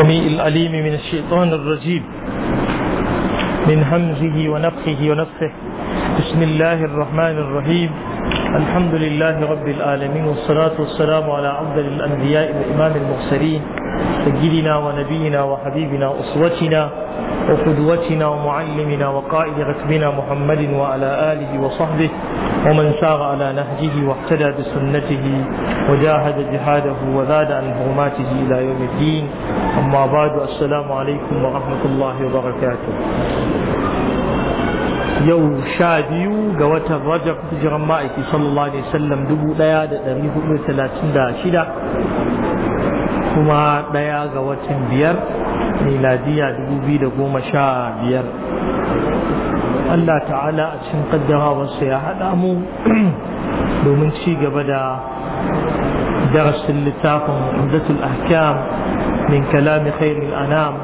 السميع العليم من الشيطان الرجيم من همزه ونفخه ونفخه بسم الله الرحمن الرحيم الحمد لله رب العالمين والصلاة والسلام على أفضل الأنبياء وإمام المرسلين سيدنا ونبينا وحبيبنا أسوتنا وقدوتنا ومعلمنا وقائد ركبنا محمد وعلى آله وصحبه ومن سار على نهجه واهتدى بسنته وجاهد جهاده وزاد عن حرماته إلى يوم الدين أما بعد السلام عليكم ورحمة الله وبركاته yau sha biyu ga watan rajab hijiran ma'aiki sallallahu alaihi wasallam dubu daya da dari hudu talatin da shida kuma daya ga watan biyar miladiya dubu biyu da goma sha biyar Allah ta'ala a cikin kaddarawarsa ya haɗa mu domin ci gaba da darasin littafin Umdatul Ahkam min kalami khairul anam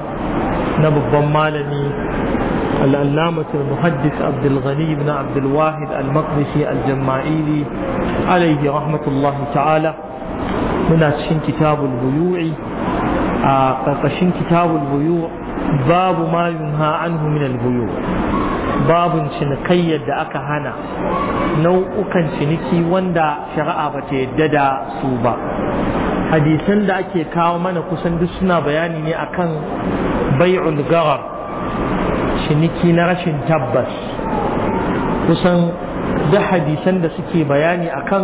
na babban malami الألامة المحدث عبد الغني بن عبد الواحد المقدسي الجمائيلي عليه رحمة الله تعالى من أسفين كتاب البيوع قرقشين كتاب البيوع باب ما ينهى عنه من البيوع babun cinikayyar da aka hana nau'ukan ciniki wanda shari'a ba ta yadda da su ba hadisan da ake kawo mana kusan duk suna bayani ne akan bai'ul garar ciniki na rashin tabbas kusan duk hadisan da suke bayani akan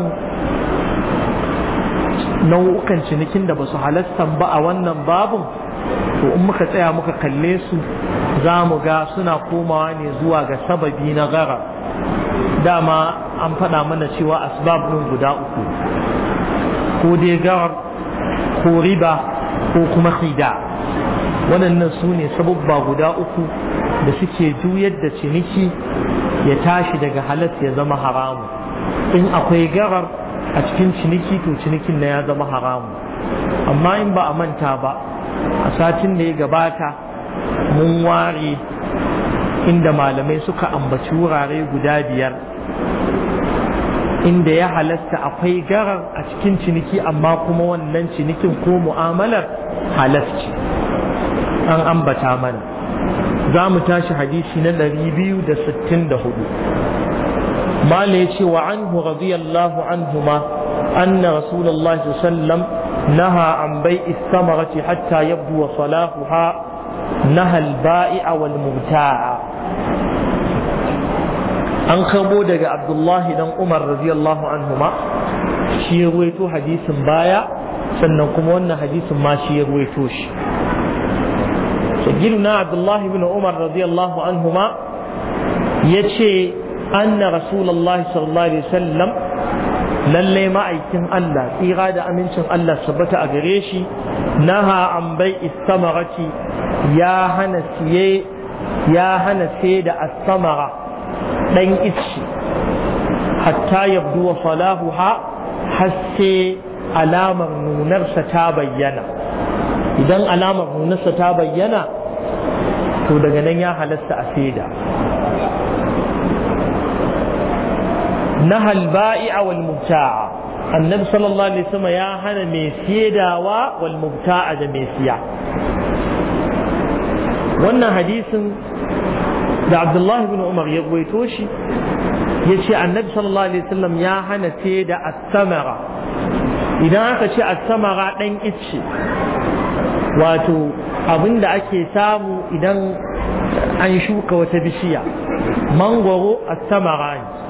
nau'ukan cinikin da ba su halasta ba a wannan babun to in muka tsaya muka kalle su za mu ga suna komawa ne zuwa ga sababi na gara dama an faɗa mana cewa asbab ɗin guda uku ko dai garar ko riba ko kuma khida waɗannan su ne sababba guda uku da suke juyar da ciniki ya tashi daga halas ya zama haramu in akwai garar a cikin ciniki to cinikin na ya zama haramu amma in ba a manta ba a satin da ya gabata mun ware inda malamai suka ambaci wurare guda biyar inda ya halasta akwai garar a cikin ciniki amma kuma wannan cinikin ko mu'amalar halasci an ambata mana za mu tashi hadisi na 264 Malam ya ce wa an radiyallahu anhu ma anna rasulullahi sallam. نهى عن بيع الثمرة حتى يبدو صلاحها نهى البائع والمبتاع an kamo daga abdullahi dan umar radiyallahu anhuma shi ya ruwaito baya sannan kuma wannan hadisin ma shi ya ruwaito shi sagirna abdullahi bin umar radiyallahu anhuma ya ce anna rasulullahi sallallahu alaihi lalle ma'aikin Allah tsira da amincin Allah sabbata a gare shi naha an bai istamarati ya hana siye ya hana sai da astamara dan ishi hatta yabdu wa salahu ha hasse alamar nunarsa ta bayyana idan alamar nunarsa ta bayyana to daga nan ya halasta a saida Na halba'i a wal annabi sallallahu alaihi wasallam ya hana mai siyadawa walmubta'a da mai siya wannan hadisin da Abdullah ibn Umar ya gwaito shi ya ce annabi sallallahu alaihi wasallam ya hana da as-samara idan aka ce as-samara dan icce wato abinda ake samu idan an shuka wata bishiya mangwaro as-samara ne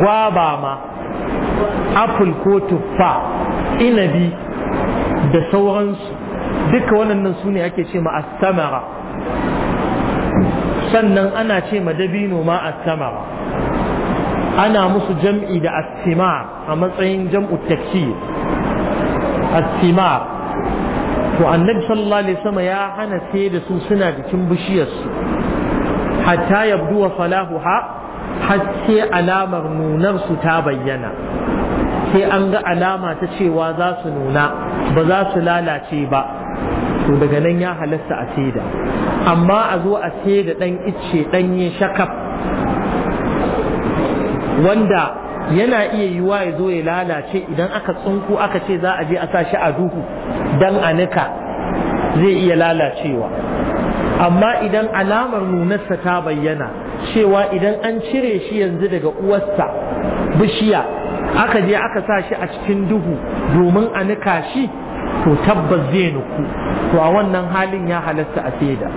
gwaba ma apple ko tuffa inabi da sauransu duka waɗannan su ne ake ce ma astamara sannan ana ce ma dabino ma astamara ana musu jam'i da astimar a matsayin jam'u taksir astimar to annabi sallallahu alaihi ya hana sai da su suna jikin bishiyarsu hatta yabdu wa ha. haske alamar nunar su ta bayyana sai an ga alama ta cewa za su nuna ba za su lalace ba to daga nan ya halasta a saida amma a zo a saida ɗan icce yin shakaf wanda yana iya yiwa ya zo ya lalace idan aka tsunku aka ce za a je a sa shi a duhu dan a nika zai iya lalacewa amma idan alamar nunarsa ta bayyana cewa idan an cire shi yanzu daga uwarsa bishiya aka je aka sa shi a cikin duhu domin a nika shi to tabbas zai nuku to a wannan halin ya halasta a saida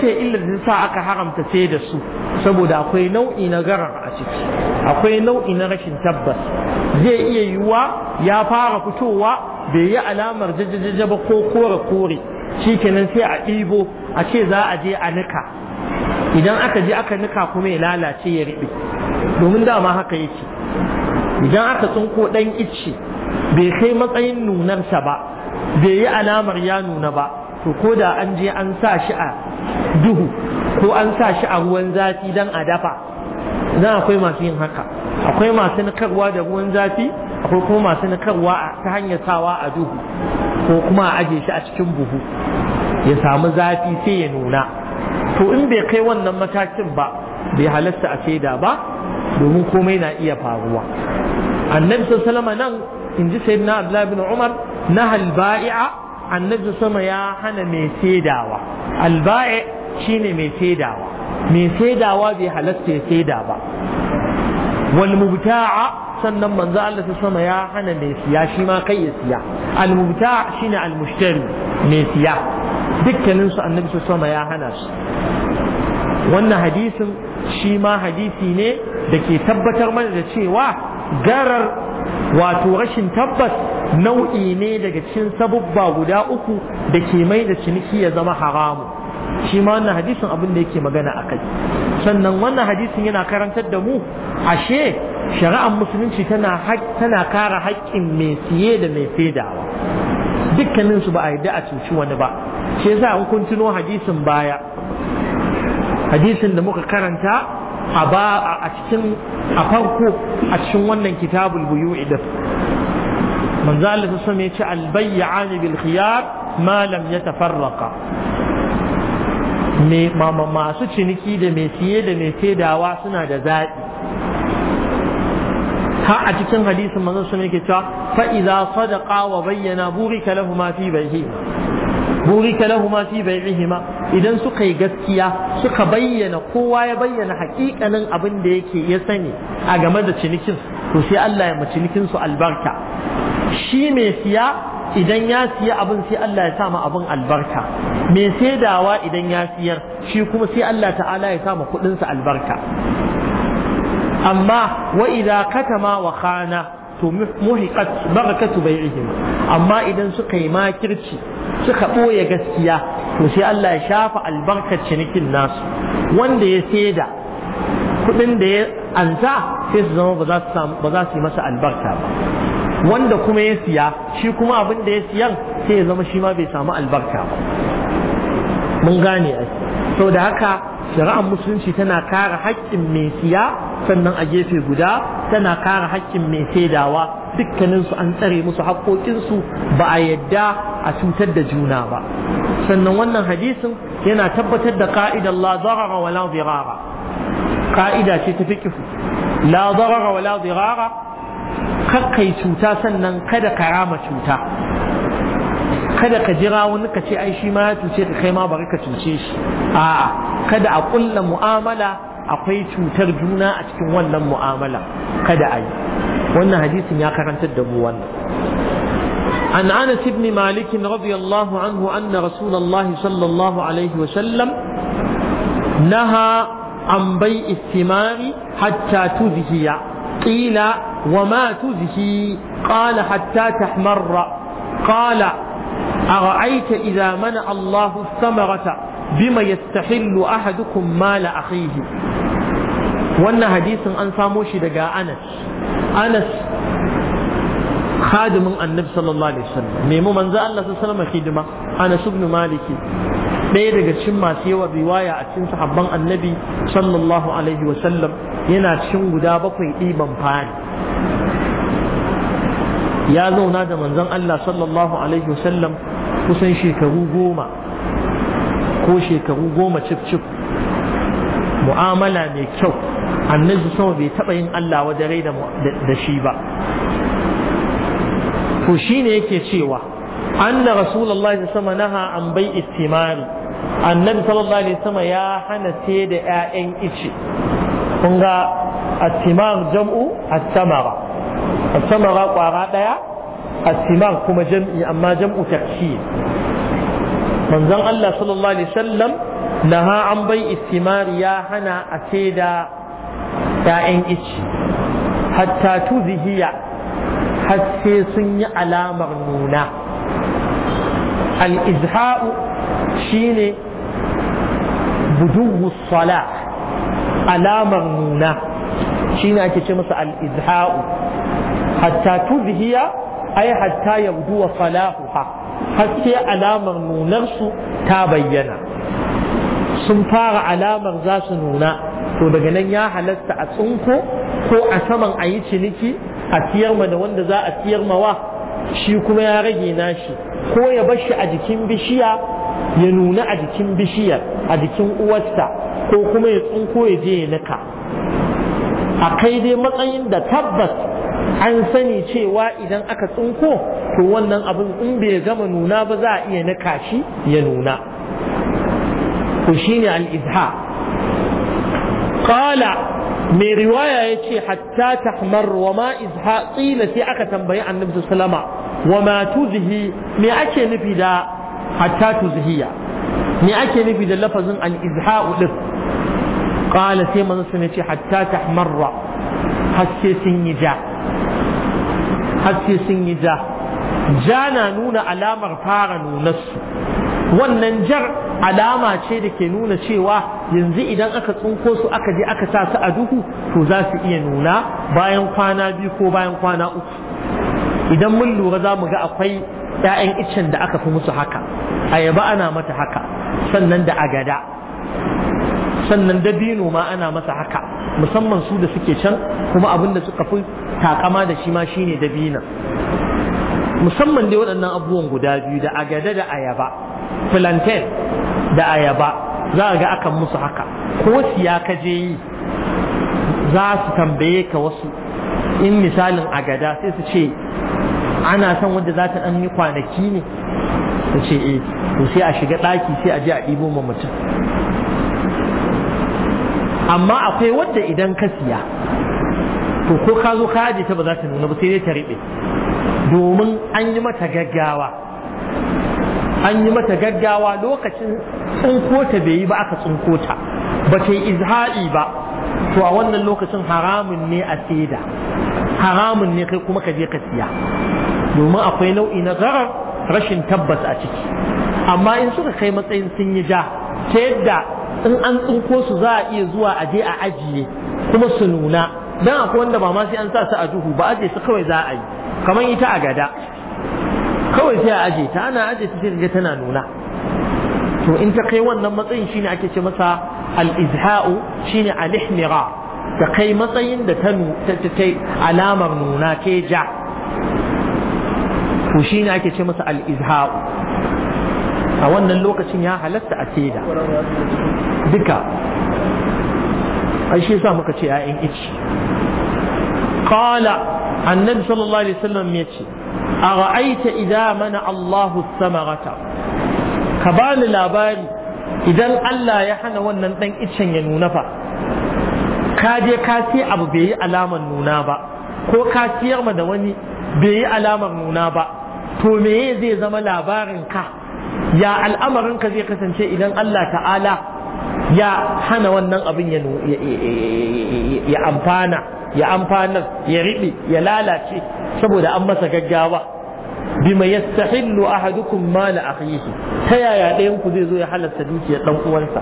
ce illar da sa aka haramta saida su saboda akwai nau'i na garar a ciki akwai nau'i na rashin tabbas zai iya yiwuwa ya fara fitowa bai yi alamar jajajaja ba ko kore kore shi kenan sai a ɗibo a ce za a je a nika idan aka je aka nika kuma ya lalace ya riɓe domin dama haka yake idan aka tsinko ɗan icce bai kai matsayin nunarsa ba bai yi alamar ya nuna ba to ko da an je an sa shi a duhu ko an sa shi a ruwan zafi don a dafa na akwai masu yin haka akwai masu nikarwa da ruwan zafi akwai kuma masu nikarwa ta hanyar sawa a duhu ko kuma a aje shi a cikin buhu ya samu zafi sai ya nuna to in bai kai wannan matakin ba bai halasta a shaida ba domin komai na iya faruwa annabi sallama nan in ji sayyidina abdullahi bin umar na halba'i'a annabi sama ya hana mai saidawa alba'i shine mai saidawa mai saidawa bai halasta ya saida ba wal mubta'a sannan manzo Allah ta sama ya hana mai siya shi ma kai ya siya al shine al-mushtari mai siya dukkanin su annabi ta sama ya hana su wannan hadisin shi ma hadisi ne da ke tabbatar mana da cewa garar wato rashin tabbas nau'i ne daga cikin sabubba guda uku da ke mai da ciniki ya zama haramu shi ma wannan hadisin abin da yake magana a kai sannan wannan hadisin yana karantar da mu ashe shari'ar musulunci tana tana kara haƙƙin mai siye da mai fedawa dukkanin su ba a yarda a cuci wani ba shi yasa in kun tuno hadisin baya hadisin da muka karanta a ba a cikin a farko a cikin wannan kitabul buyu'i da manzo Allah ya ce albayyani bil khiyar ma lam yatafarraqa masu ciniki da mai siye da mai saidawa suna da zaɓi ha a cikin hadisin manzon sun yake cewa fa idza sadaqa wa bayyana burika lahumu fi bayhima burika lahumu fi bayhima idan suka yi gaskiya suka bayyana kowa ya bayyana hakikanin abin da yake ya sani a game da cinikin to sai Allah ya ma cinikin su albarka shi mai siya idan ya siya abin sai Allah ya sa ma abin albarka mai saidawa idan ya siyar shi kuma sai Allah ta'ala ya sama kuɗinsa albarka amma wa idza katama wa khana to muhiqat barakatu bai'ihim amma idan suka yi makirci suka ɓoye gaskiya to sai Allah ya shafa albarkar cinikin nasu wanda ya saida kuɗin da ya ansa sai su zama ba za su yi masa albarka ba wanda kuma ya siya shi kuma abin da ya siyan sai ya zama shi ma bai samu albarka ba mun gane Sau da haka shari'ar musulunci tana kare haƙƙin mai siya sannan a gefe guda tana kare haƙƙin mai saidawa dukkaninsu an tsare musu haƙƙoƙinsu ba a yadda a cutar da juna ba sannan wannan hadisin yana tabbatar da ka'idar la zarara wa la zirara ka'ida ce ta fikihu la zarara wa la zirara kakkai cuta sannan kada karama cuta kada ka jira wani ka ce ai shi ma ya cuce ka kai ma ba ka cuce shi a'a kada a kulla mu'amala akwai cutar juna a cikin wannan mu'amala kada a yi. wannan hadisin ya karantar da mu wannan an anas ibn malik radiyallahu anhu anna rasulullahi sallallahu alaihi wa sallam naha an bai istimari hatta tuzhiya qila wa ma tuzhi qala hatta tahmarra qala أرأيت إذا منع الله الثمرة بما يستحل أحدكم مال أخيه wannan hadisin an samo shi daga anas anas khadimin annabi sallallahu alaihi wasallam nemi manzo Allah sallallahu alaihi hidima anas ibn maliki ɗaya daga cikin masu yawan riwaya a cikin sahabban annabi sallallahu alaihi sallam yana cin guda bakwai ɗiban fari ya zauna da manzon Allah sallallahu alaihi sallam. kusan shekaru goma ko shekaru goma cif-cif mu'amala mai kyau annabi sama bai taɓa yin Allah wadare da shi ba to shine yake cewa anna rasulullahi sama naha an bai istimari annabi sallallahu alaihi sama ya hana sai da ƴaƴan ice kun ga attimar jam'u attamara attamara kwara daya الثمار كما جمع أما جمع تكشير من ذن الله صلى الله عليه وسلم نهى عن بيع الثمار يا هنا أسيدا يا إن إيش حتى تذهي حتى سني على مغنونة الإزهاء شيني بدو الصلاة على مغنونة شيني أكي مسا الإزهاء حتى تذهي ai hatta yabdu wa salahuha haske alamar nunar su ta bayyana sun fara alamar za su nuna to daga nan ya halatta a tsinko ko a saman a yi ciniki a siyar ma da wanda za a siyar mawa shi kuma ya rage nashi ko ya bashi a jikin bishiya ya nuna a jikin bishiyar a jikin uwarsa ko kuma ya tsinko ya je ya nika a kai dai matsayin da tabbas an sani cewa idan aka tsinko to wannan abin in bai gama nuna ba za a iya naka shi ya nuna Ku shi ne al'izha. qala mai riwaya ce hatta tahmar wa ma izha qila sai aka tambayi annabi sallama wa ma tuzihi mai ake nufi da hatta tuzihiya? Mai ake nufi da lafazin al'izha izha Ƙala sai manzo sun ce hatta tahmarra haske sun yi ja har sai sun yi ja ja na nuna alamar fara nunarsu wannan jar alama ce da ke nuna cewa yanzu idan aka tsunko su aka je aka sa su a duhu to za su iya nuna bayan kwana biyu ko bayan kwana uku idan mun lura za mu ga akwai 'ya'yan iccen da aka fi musu haka ayaba ana mata haka sannan da agada sannan dabino ma ana masa haka musamman su da suke can kuma abin da suka fi takama da shi ma shine dabina musamman dai waɗannan abubuwan guda biyu da agada da ayaba plantain da ayaba za a ga akan musu haka ko siya ka je yi za su tambaye ka wasu in misalin agada sai su ce ana son wanda za ta ɗan yi kwanaki ne su ce eh to sai a shiga ɗaki sai a je a ɗibo ma mutum amma akwai wadda idan ka siya to ko ka zo ka ajiye ta ba za ta nuna ba sai dai ta riɓe domin an yi mata gaggawa an yi mata gaggawa lokacin tsinko ta bai yi ba aka tsinko ta ba ta yi izha'i ba to a wannan lokacin haramun ne a saida haramun ne kai kuma ka je ka siya domin akwai nau'i na zarar rashin tabbas a ciki amma in suka kai matsayin sun yi ja ta yadda in an tsinko su za a iya zuwa a je a ajiye kuma su nuna dan akwai wanda ba ma sai an sa su a duhu ba aje su kawai za a yi kamar ita a gada kawai sai a aje ta ana aje ta sai tana nuna to in ta kai wannan matsayin shine ake ce masa al-izha'u shine al-ihmira ta kai matsayin da ta alamar nuna ke ja to shine ake ce masa al-izha'u a wannan lokacin ya halatta a seda duka ai shi yasa muka ce ‘ya'yan ice qala annabi sallallahu alaihi wasallam ya ce a ra'aita idan mana Allahu samarata ka bani labari idan Allah ya hana wannan dan icen ya nuna fa ka je ka ce abu bai yi alamar nuna ba ko ka ciyar ma da wani bai yi alamar nuna ba to meye zai zama labarin ka ya al'amarin ka zai kasance idan Allah ta'ala ya hana wannan abin ya amfana ya amfanar ya riɓe ya lalace saboda an masa gaggawa bima yastahillu ahadukum mala akhihi ta yaya ɗayan ku zai zo ya halarta dukiyar dan uwansa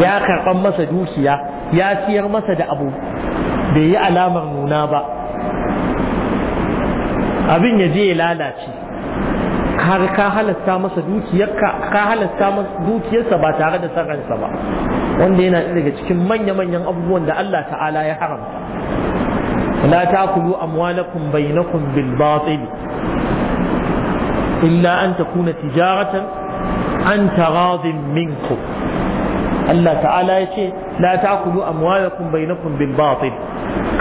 ya karɓan masa dukiya ya siyar masa da abu bai yi alamar nuna ba abin ya je ya lalace har ka halasta masa dukiyarka ka halasta masa dukiyarsa ba tare da sarransa ba wanda yana daga cikin manya-manyan abubuwan da Allah ta'ala ya haramta la ta'kulu amwalakum bainakum bil batil illa an takuna tijaratan an taradin minkum Allah ta'ala ya ce la ta'kulu amwalakum bainakum bil batil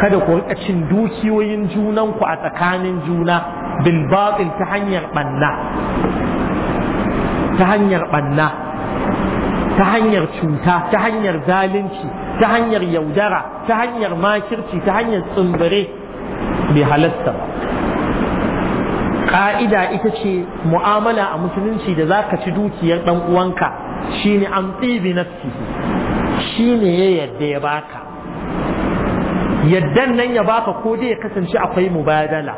kada ku rika cin dukiyoyin junanku a tsakanin juna bil batil ta hanyar banna ta hanyar banna ta hanyar cuta ta hanyar zalunci ta hanyar yaudara ta hanyar makirci ta hanyar tsumbure bai halatta ba ƙa'ida ita ce mu'amala a musulunci da za ka ci dukiyar ɗan uwanka shine an tsibi shi ne ya yadda ya baka yaddan nan ya baka ko dai ya kasance akwai mubadala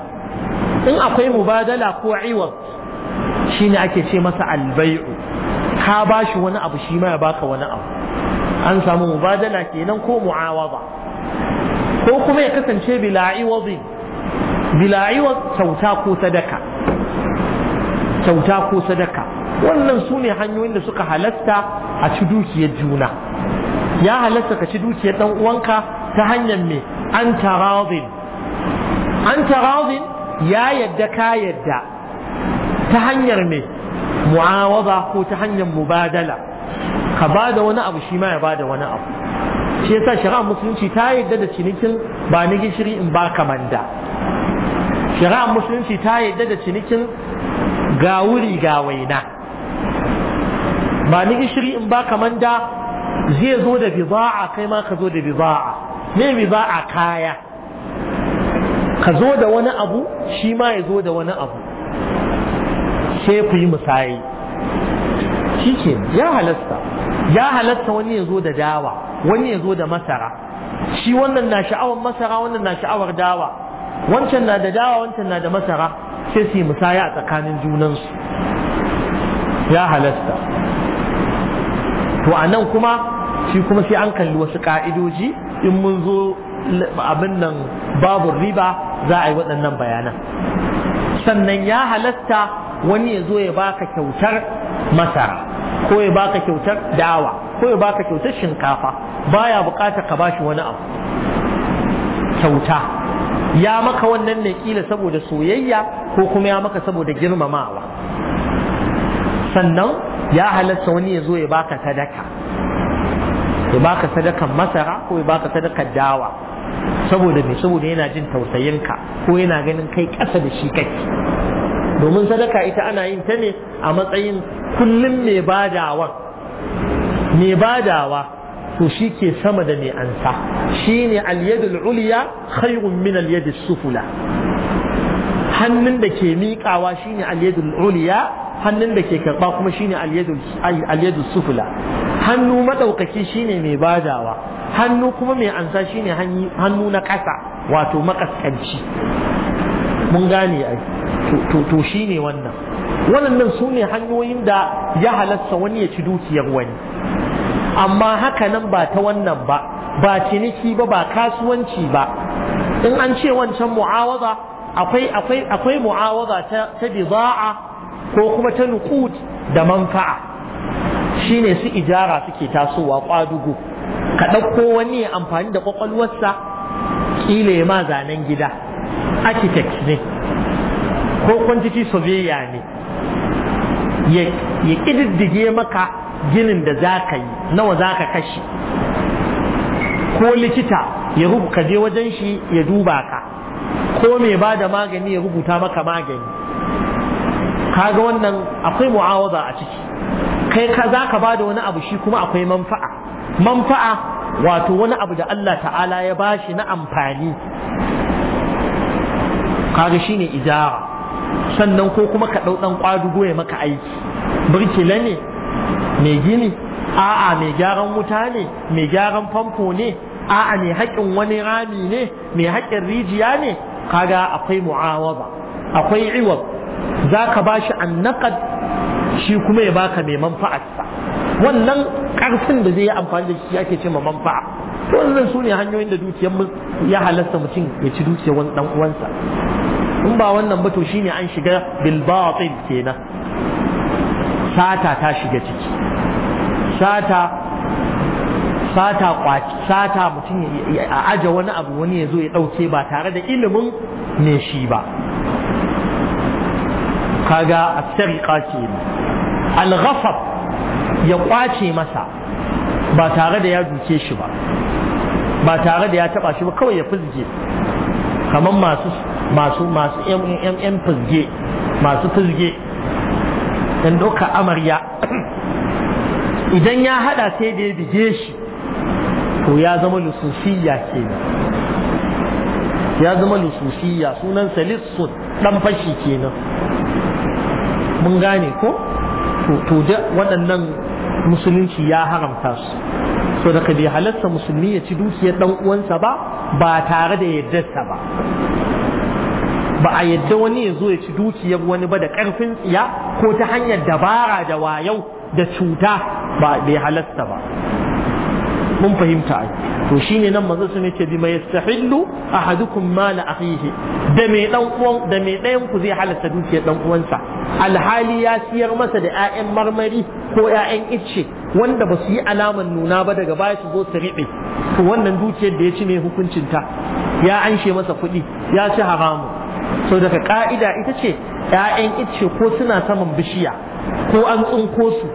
in akwai mubadala ko iwab shine ake ce masa albai'u ka bashi wani abu shi ma ya baka wani abu an samu mubadala kenan ko mu'awaba ko kuma ya kasance bila iwabi bila iwab kyauta ko sadaka kyauta ko sadaka wannan su ne hanyoyin da suka halasta a ci dukiyar juna ya halasta ka ci dukiyar dan uwanka ta hanyar me an taradin an ya yadda ka yadda ta hanyar mai mu'awaba ko ta hanyar mubadala ka ba da wani abu shi ma ya ba da wani abu shi yasa shari'a musulunci ta yadda da cinikin ba ni gishiri in ba ka manda shari'a musulunci ta yadda da cinikin ga wuri ga waina ba ni gishiri in ba ka manda zai zo da biza'a kai ma ka zo da biza'a me biza'a kaya ka zo da wani abu shi ma ya zo da wani abu sai ku yi musayi shi ke ya halasta ya halasta wani ya zo da dawa wani ya zo da masara shi wannan na sha'awar masara wannan na sha'awar dawa wancan na da dawa wancan na da masara sai su yi musaya a tsakanin junansu ya halasta to a nan kuma shi kuma sai an kalli wasu ka'idoji in mun zo abin nan babu riba za a yi waɗannan bayanan sannan ya halatta wani ya zo ya baka kyautar masara ko ya baka kyautar dawa ko ya baka kyautar shinkafa baya bukata ka bashi wani abu kyauta ya maka wannan ne kila saboda soyayya ko kuma ya maka saboda girmamawa sannan ya halatta wani ya zo ya baka sadaka ya baka sadakan masara ko ya baka sadakan dawa saboda me saboda yana jin tausayin ka ko yana ganin kai ƙasa da shi kai domin sadaka ita ana yin ta ne a matsayin kullum mai badawa mai badawa to shi ke sama da mai ansa shi ne alyadul uliya khairun min alyadul sufula hannun da ke miƙawa shi ne alyadul uliya hannun da ke karɓa kuma shi ne alyadul sufula hannu maɗaukaki shi ne mai badawa hannu kuma mai ansa shine hannu na ƙasa wato makaskanci mun gane ai to shine wannan waɗannan su ne hanyoyin da ya halasta wani ya ci dukiyar wani amma haka nan ba ta wannan ba ba ciniki ba ba kasuwanci ba in an ce wancan mu'awaza akwai akwai akwai mu'awaza ta ta ko kuma ta nuqud da manfa'a shine su ijara suke tasowa kwadugo ka ɗauko wani ya amfani da ƙwaƙwalwarsa ƙila ya ma zanen gida architect ne ko quantity surveyor ne ya ƙididdige maka ginin da za ka yi nawa za ka kashe ko likita ya rubuka je wajen shi ya duba ka ko mai ba da magani ya rubuta maka magani kaga wannan akwai mu'awaza a ciki kai ka za ka ba da wani abu shi kuma akwai manfa'a manfa'a wato wani abu da Allah ta'ala ya ba shi na amfani kaga shine ijara sannan ko kuma ka ɗau ɗan kwadugo ya maka aiki birkila ne mai gini a'a mai gyaran wuta ne mai gyaran famfo ne a'a mai haƙin wani rami ne mai haƙin rijiya ne kaga akwai mu'awaba akwai iwab za ka ba shi annaqad shi kuma ya baka mai manfa'arsa wannan karfin da zai yi amfani da shi ake ce ma manfa'a to wannan su ne hanyoyin da dukiyar ya halasta mutum ya ci dukiyar wani dan uwansa in ba wannan ba to shine an shiga bil batil kenan sata ta shiga ciki sata sata kwaci sata mutum ya aje wani abu wani ya zo ya dauke ba tare da ilimin ne shi ba kaga asariqa kenan al-ghasab ya kwace masa ba tare da ya duke shi ba ba tare da ya taba shi ba kawai ya fizge kamar masu masu masu yan fizge masu fizge dan doka amarya idan ya hada sai da ya bige shi to ya zama lususiyya kenan ya zama lususiyya sunan Salisu dan fashi kenan mun gane ko to da waɗannan musulunci ya haramta su so daga bai halarta musulmi ya ci dukiyar dan uwansa ba ba tare da yaddarsa ba ba a yadda wani ya zo ya ci dukiyar wani ba da karfin tsiya ko ta hanyar dabara da wayau da cuta ba bai halarta ba mun fahimta ai to shine nan manzo sun yace bi mai yastahillu ahadukum mal akhihi da mai dan uwan da mai dayan ku zai halatta dukiyar dan uwansa alhali ya siyar masa da ƴaƴan marmari ko ƴaƴan icce wanda ba su yi alaman nuna ba daga baya su zo su riɓe to wannan dukiyar da ya ci mai hukuncin ta ya anshe masa kuɗi ya ci haramu so daga ka'ida ita ce ‘ya'yan icce ko suna saman bishiya ko an tsinko su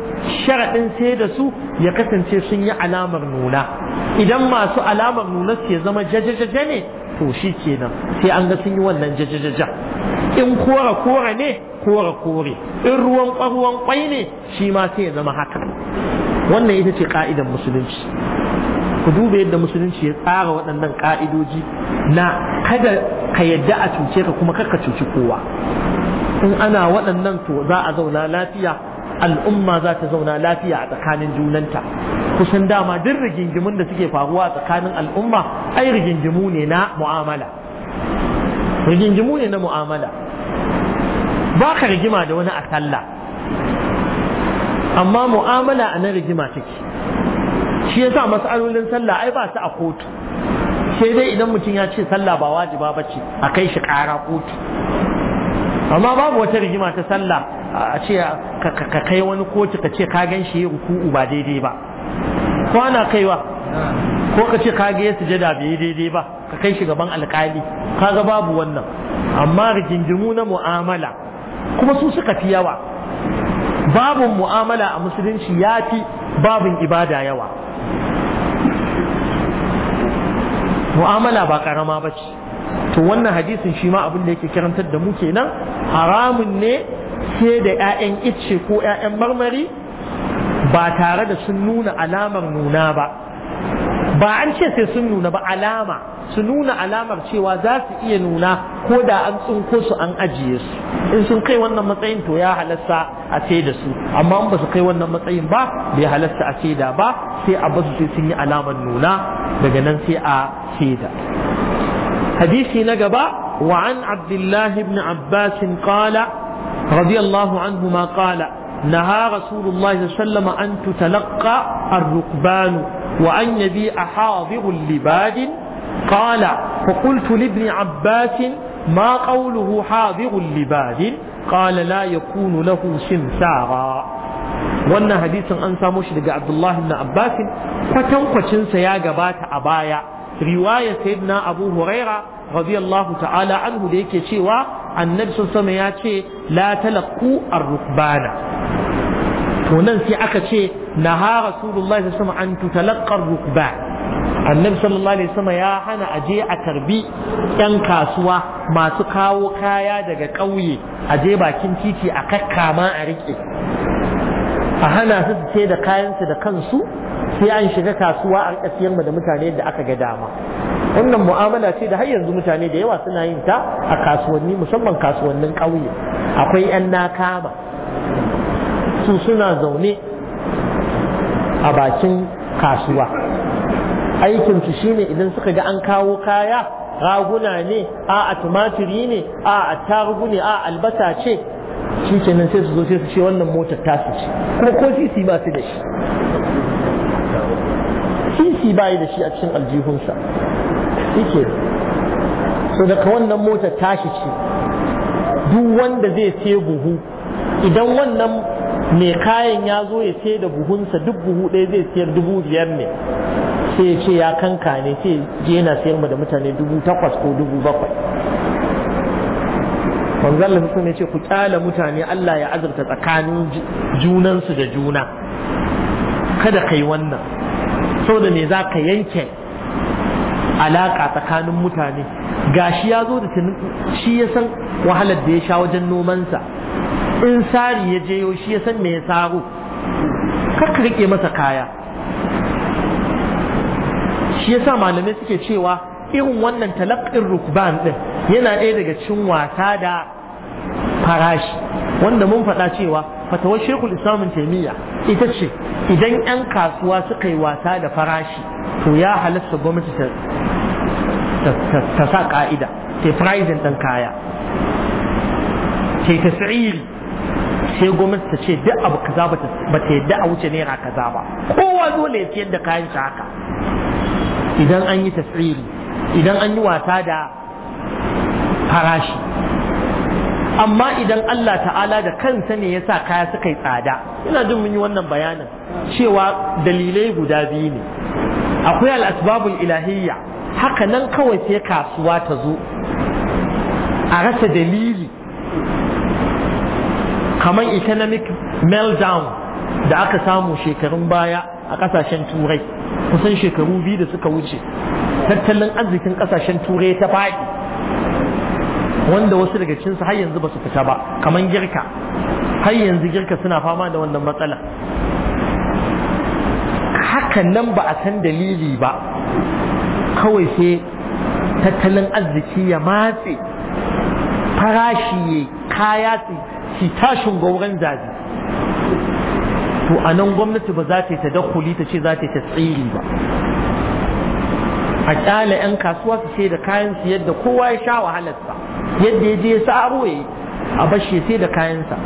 sharaɗin sai da su ya kasance sun yi alamar nuna idan masu alamar nunas ke zama jajajaja ne to shi kenan sai an ga sun yi wannan jajajaja in kora kora ne kora kore in ruwan ruwan kwai ne shi ma sai ya zama haka wannan ita ce ka'idan musulunci ku duba yadda musulunci ya tsara waɗannan ka'idoji na kada ka yadda a cuce ka kuma kar ka cuci kowa in ana waɗannan to za a zauna lafiya al'umma za ta zauna lafiya a tsakanin junanta kusan dama duk rigingimun da suke faruwa a tsakanin al'umma ai rigingimu ne na mu'amala rigingimu ne na mu'amala ba ka rigima da wani a sallah amma mu'amala a nan rigima take shi yasa mas'alolin sallah ai ba su a kotu sai dai idan mutum ya ce sallah ba wajiba ce. a kai shi kara kotu amma babu wata rigima ta sallah a ce ka kai wani kotu ka ce ka gan shi yi ruku'u ba daidai ba ko ana kaiwa ko ka ce ka ga ya sujada bai daidai ba ka kai shi gaban alkali ga babu wannan amma rigingimu na mu'amala kuma su suka fi yawa babin mu'amala a musulunci ya fi babin ibada yawa mu'amala ba karama ba ce to wannan hadisin shi ma abin da yake karantar da mu kenan haramun ne sai da 'ya'yan icce ko 'ya'yan marmari ba tare da sun nuna alamar nuna ba ba an ce sai sun nuna ba alama su nuna alamar cewa za su iya nuna ko da an tsinko su an ajiye su in sun kai wannan matsayin to ya halasta a sai da su amma in ba su kai wannan matsayin ba bai halasta a sai da ba sai a basu sai sun yi alamar nuna daga nan sai a sai da hadisi na gaba wa'an Abdullahi الله بن عباس رضي الله عنهما قال نهى رسول الله صلى الله عليه وسلم أن تتلقى الركبان وأن يبيع حاضر لباد قال فقلت لابن عباس ما قوله حاضر لباد قال لا يكون له سمسارا wannan hadisin an samo shi daga Abdullahi ibn Abbas kwatankwacinsa ya gabata a baya riwaya sayyidina Abu Huraira radiyallahu ta'ala anhu da yake cewa annabi sama ya ce la talaku ar-rukbana to nan sai aka ce naha rasulullahi sallallahu alaihi an tutalaqqa ar-rukban annabi sallallahu alaihi wasallam ya hana aje a karbi yan kasuwa masu kawo kaya daga ƙauye aje bakin titi a kakkama a rike a hana su su da kayansu da kansu sai an shiga kasuwa an kasiyar mu da mutane da aka ga dama wannan mu'amala ce da har yanzu mutane da yawa suna yin ta a kasuwanni musamman kasuwannin ƙauye akwai 'yan nakama su suna zaune a bakin kasuwa aikinsu shine idan suka ga an kawo kaya raguna ne a a tumatiri ne a a tarugu ne a albasa ce shi kenan sai su zo sai su ce wannan motar tasu ce ko sisi ba su da shi ciki bayi da shi a cikin aljihunsa yake so daga wannan motar tashi ce duk wanda zai sai buhu idan wannan mai kayan ya zo ya sai da buhunsa duk buhu ɗaya zai sayar dubu biyar ne sai ya ce ya kanka ne sai je yana sayar mu da mutane dubu takwas ko dubu bakwai wanzan da sun ce ku kyala mutane Allah ya azurta tsakanin junansu da juna kada kai wannan da me za ka yanke alaƙa tsakanin mutane gashi ya zo da shi ya san wahalar da ya sha wajen nomansa in sari ya je yau shi ya san me ya saro kakka rike masa kaya shi ya sa malamai suke cewa irin wannan talaƙin rukban ɗin yana ɗaya daga cin wasa da farashi wanda mun faɗa cewa fatawar shekul islamin taimiyya ita ce idan 'yan kasuwa suka yi wasa da farashi to ya halatta gwamnati ta sa ka'ida ta pricing ɗan kaya ta tasiri sai gwamnati ta ce duk abu kaza ba ta yadda a wuce naira kaza ba kowa dole ya siyar da kayan shi haka idan an yi tasiri idan an yi wasa da farashi amma idan Allah ta'ala da kansa ne ya sa kaya suka yi tsada ina jin mun yi wannan bayanin cewa dalilai guda biyu ne akwai al'asbabul ilahiyya haka nan kawai sai kasuwa ta zo a rasa dalili kamar economic meltdown da aka samu shekarun baya a kasashen turai kusan shekaru biyu da suka wuce tattalin arzikin kasashen turai ta faɗi wanda wasu daga cinsu har yanzu ba su fita ba kamar girka har yanzu girka suna fama da wannan matsala hakan nan ba a san dalili ba kawai sai tattalin arziki ya matse farashi ya kaya ci tashin gauran zabi to a nan gwamnati ba za ta yi ta dakuli ta ce za ta yi ta tsiri ba a ƙyale 'yan kasuwa su ce da kayan su yadda kowa ya sha wahalarsa yadda ya je ya sa'aro ya yi a bashe sai da kayansa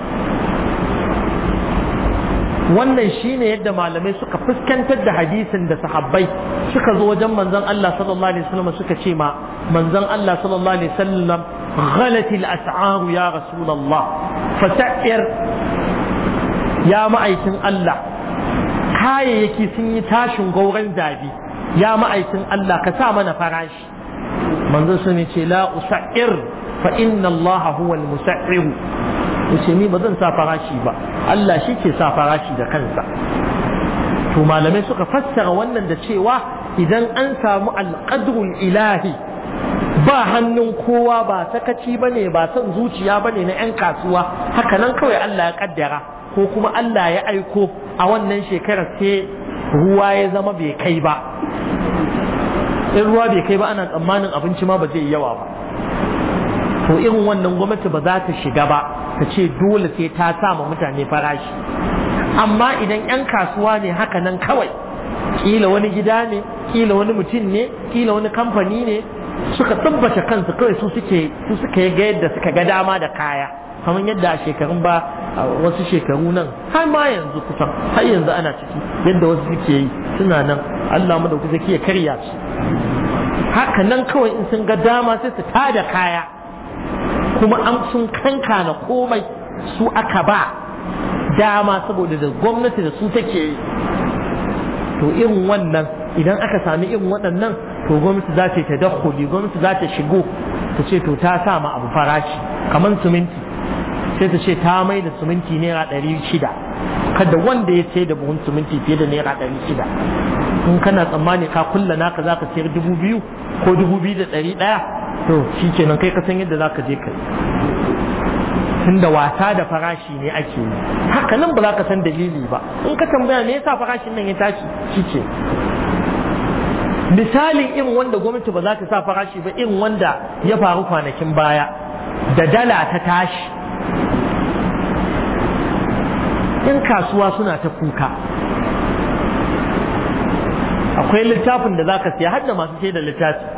wannan shine yadda malamai suka fuskantar da hadisin da sahabbai suka zo wajen manzon Allah sallallahu alaihi wasallam suka ce ma manzon Allah sallallahu alaihi wasallam غلت الأسعار يا رسول الله فسعر يا ma'aikin Allah kayayyaki sun yi tashin gauran zabi ya ma'aikin Allah ka sa mana farashi manzo sun ce la usair fa inna Allah huwa al-musa'ir yace ni ba zan sa farashi ba Allah shi ke sa farashi da kansa to malamai suka fassara wannan da cewa idan an samu alqadrul ilahi ba hannun kowa ba sakaci bane ba son zuciya bane na 'yan kasuwa haka nan kawai Allah ya kaddara ko kuma Allah ya aiko a wannan shekarar sai ruwa ya zama bai kai ba in ruwa bai kai ba ana tsammanin abinci ma ba zai yawa ba to irin wannan gwamnati ba za ta shiga ba ta ce dole sai ta sama mutane farashi amma idan 'yan kasuwa ne haka nan kawai kila wani gida ne kila wani mutum ne kila wani kamfani ne suka tabbata kansu kawai su suke ga yadda suka ga dama da kaya kamar yadda a shekarun ba wasu shekaru nan har ma yanzu kusan har yanzu ana ciki yadda wasu suke yi suna nan Allah madauki zaki ya karya su haka nan kawai in sun ga dama sai su tada kaya kuma an sun kanka na komai su aka ba dama saboda da gwamnati da su take yi to irin wannan idan aka sami irin waɗannan to gwamnati za ta tadakkuli gwamnati za ta shigo ta ce to ta sa ma abu farashi kamar suminti sai ta ce ta mai da suminti naira ɗari shida kada wanda ya sai da buhun suminti fiye da naira ɗari shida in kana tsammani ka kulla naka za ka sayar dubu biyu ko dubu biyu da ɗari ɗaya to shi kenan kai ka san yadda za ka je kai tunda wasa da farashi ne ake yi haka nan ba za ka san dalili ba in ka tambaya me yasa farashin nan ya tashi shi ce misalin irin wanda gwamnati ba za ta sa farashi ba irin wanda ya faru kwanakin baya da dala ta tashi in kasuwa suna ta kuka akwai littafin da za ka siya har da masu da littafi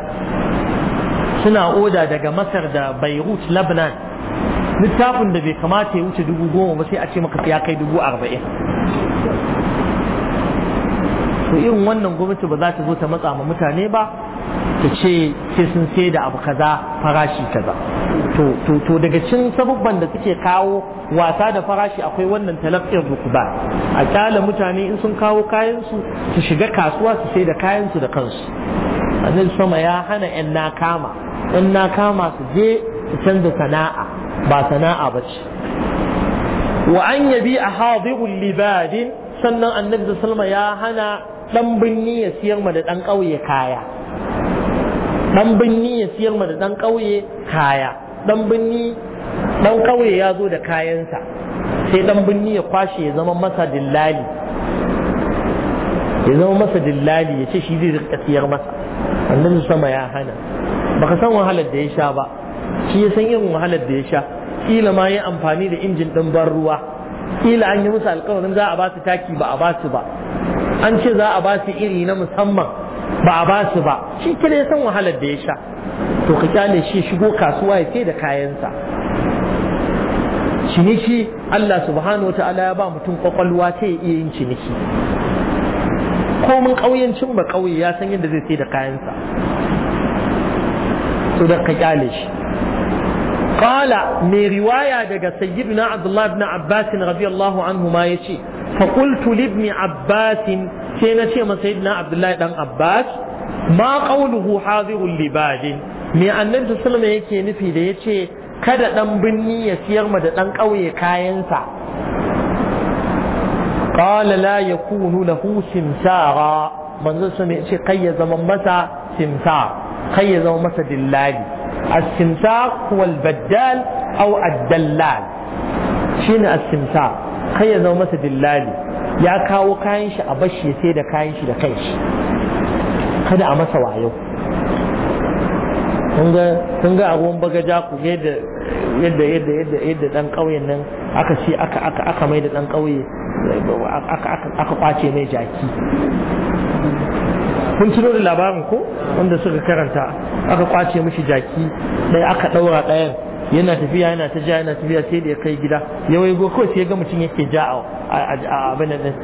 suna oda daga masar da beirut lebanon littafin da bai kamata ya wuce dubu goma ba sai a ce maka ya kai dubu arba'in to irin wannan gwamnati ba za ta zo ta matsa ma mutane ba ta ce sai sun sai da abu kaza farashi kaza to daga cin sabubban da suke kawo wasa da farashi akwai wannan talafin ba, a kyala mutane in sun kawo kayansu su shiga kasuwa su sai da kayansu da kansu annabi sama ya hana yan nakama kama in na kama su je su canza sana'a ba sana'a ba ce wa an yabi a hadirun libadin sannan annabi da salma ya hana dan birni ya siyar ma da dan ƙauye kaya dan birni ya siyar ma da dan ƙauye kaya dan birni dan ƙauye ya zo da kayansa sai dan birni ya kwashe ya zama masa dillali ya zama masa dillali ya ce shi zai rika siyar masa annabi sama ya hana baka san wahalar da ya sha ba shi ya san irin wahalar da ya sha kila ma ya amfani da injin ɗin ban ruwa kila an yi musu alkawarin za a ba su taki ba a ba su ba an ce za a ba su iri na musamman ba a ba su ba shi kila ya san wahalar da ya sha to ka kyale shi shigo kasuwa ya sai da kayansa ciniki Allah subhanahu wa ya ba mutum kwakwalwa ta ya iya yin ciniki komin cin ba ƙauye ya san yadda zai sai da kayansa so da ka kyale shi qala mai riwaya daga sayyiduna abdullahi ibn abbas radiyallahu anhu ma yace fa qultu li ibn abbas sai na ce ma sayyiduna abdullahi dan abbas ma qawluhu hadirul libadin me annabi sallallahu alaihi yake nufi da yace kada dan binni ya siyar ma da dan ƙauye kayansa qala la yakunu lahu simsara manzo sai ya ce kai ya zaman masa kai ya zama masa dillali as-simsaq wal baddal aw ad-dallal shine kai ya zama masa dillali ya kawo kayan shi a bashi ya sai da kayan shi da kai shi kada a masa wayo kun ga abubuwan bagaja ku yadda yadda yadda yadda dan ƙauyen nan aka ce aka aka aka mai da dan ƙauye aka aka aka kwace mai jaki kun tuno da labarin ko wanda suka karanta aka kwace mishi jaki ɗaya aka ɗaura ɗayan yana tafiya yana ta ja yana tafiya sai da ya kai gida ya go kawai sai ya ga mutum yake ja a abin nan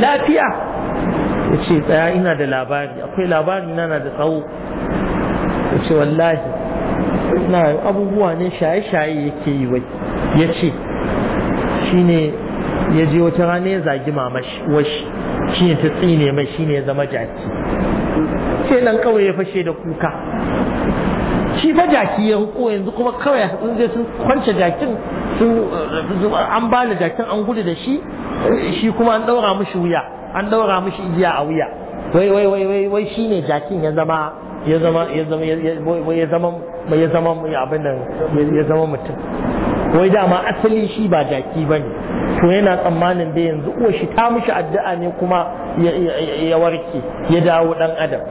lafiya ya ce tsaya ina da labari akwai labari na na da tsawo ya ce wallahi na abubuwa ne shaye-shaye yake yi wai ya ce shi ne ya je wata rana ya zagi mamashi washi shi ne ta tsine mai shi ne ya zama jaki sai nan kawai ya fashe da kuka shi fa jaki ya huko yanzu kuma kawai sun je sun kwance jakin sun an bani jakin an gudu da shi shi kuma an daura mishi wuya an daura mishi igiya a wuya wai wai wai wai wai shine jakin ya zama ya zama ya zama ya zama ya zama abin nan ya zama mutum wai dama asali shi ba jaki bane to yana tsammanin da yanzu uwar shi ta mishi addu'a ne kuma ya warke ya dawo dan adam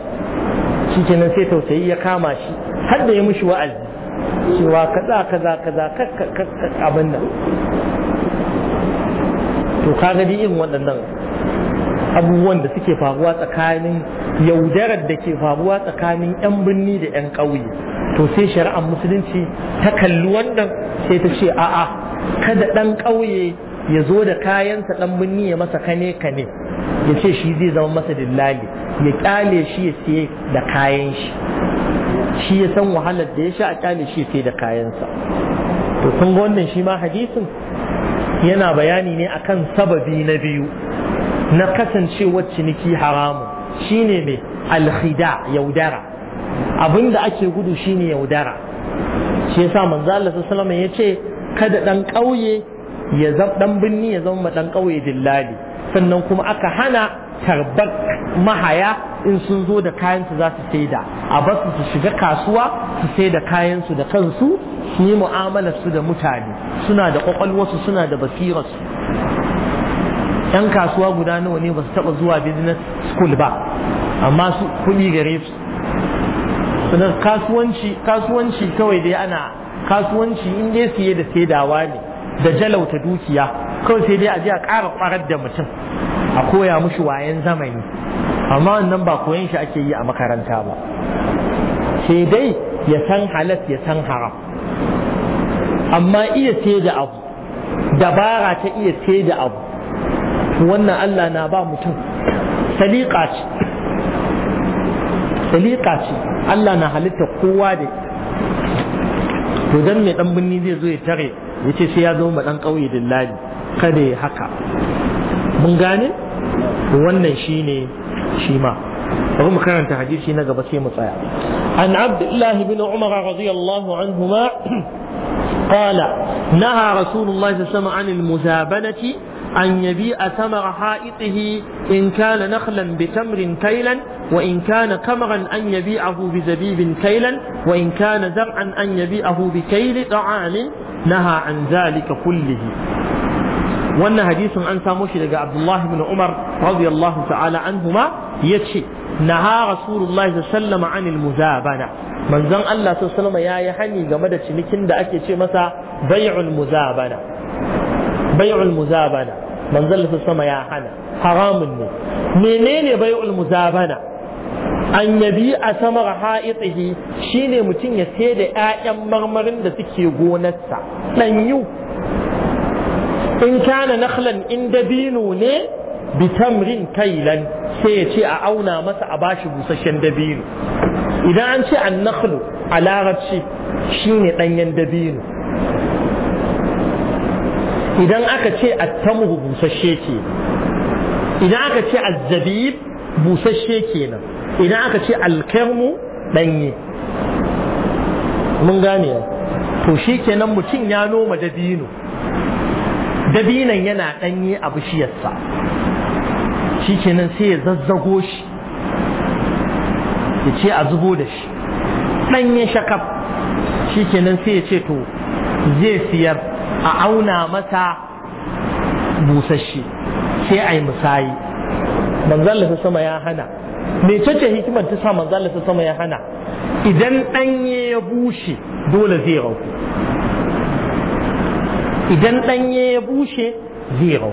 shi kenan sai tausayi ya kama shi har da ya mushi wa'azi cewa kaza kaza kaza abin nan to ka gadi irin waɗannan abubuwan da suke faruwa tsakanin yaudarar da ke faruwa tsakanin 'yan birni da 'yan ƙauye to sai shari'ar musulunci ta kalli wannan sai ta ce a'a kada ɗan ƙauye ya zo da kayansa ɗan birni ya masa kane kane ya ce shi zai zama masa dillali ya kyale shi ya siye da kayan shi shi ya san wahalar da ya sha a kyale shi ya siye da kayansa to sun ga wannan shi ma hadisin yana bayani ne akan sababi na biyu na kasancewar ciniki haramun shine mai alkhida yaudara abinda ake gudu shine yaudara shi sa manzo Allah sallallahu alaihi wasallam yace kada dan kauye ya zama dan binni ya zama dan kauye dillali sannan kuma aka hana karbar mahaya in sun zo da kayansu za su saida a basu su shiga kasuwa su saida kayansu da kansu su yi mu'amalarsu da mutane suna da kwakwalwarsu suna da basirarsu yan kasuwa guda nawa ne ba su taba zuwa business school ba amma su kuɗi gare su kasuwanci kasuwanci kawai dai ana kasuwanci in dai siye da saidawa ne da jalauta dukiya kawai sai dai a je a ƙara kwarar da mutum a koya mushi wayan zamani amma wannan ba koyan shi ake yi a makaranta ba sai dai ya san halas ya san haram amma iya ce da abu dabara ta iya ce da abu wannan Allah na ba mutum saliqa ce saliqa ce Allah na halitta kowa da to dan mai dan binni zai zo ya tare ya ce sai ya zo ma dan ƙauye dillali kada ya haka mun wannan shi ne shi ma bari mu karanta hadisi na gaba sai mu tsaya an abdullah ibn umar radiyallahu anhuma qala naha rasulullah sallallahu alaihi an muzabanati an yabi athmar ha'itihi in kana nakhlan bi tamrin taylan wa in kana kamaran an yabi'ahu bi zabibin taylan wa in kana zar'an an yabi'ahu bi kayl da'an naha an zalika kullihi wannan hadisin an samo shi daga Abdullah ibn Umar radiyallahu ta'ala anhuma yace naha Rasulullah sallallahu alaihi muzabana manzon Allah sallallahu ya yayi hani game da cinikin da ake ce masa bai'ul muzabana bai'ul muzabana manzon Allah sallallahu ya hana haramun ne menene bai'ul muzabana an yabi a samar ha'itihi shine mutum ya sai da 'ya'yan marmarin da suke gonarsa ɗanyu in kana nakhlan in dabino ne bi tamrin kailan sai ya ce a auna masa a bashi busasshen dabino idan an ce an nakhlu a larabci shine danyen dabino idan aka ce attamuhu busasshe ke idan aka ce azzabib busasshe kenan idan aka ce alkarmu danye mun gane to shi kenan mutum ya noma dabino dabinan yana ɗanye a bishiyarsa shi kenan sai ya zazzago shi ya ce a zubo da shi ɗanye shakaf shi kenan sai ya ce to zai siyar a auna masa busasshe sai a yi musayi manzan sama ya hana mecece hikimar ta sa manzan sama ya hana idan ɗanye ya bushe dole zai rauku idan ɗanye ya bushe zai rau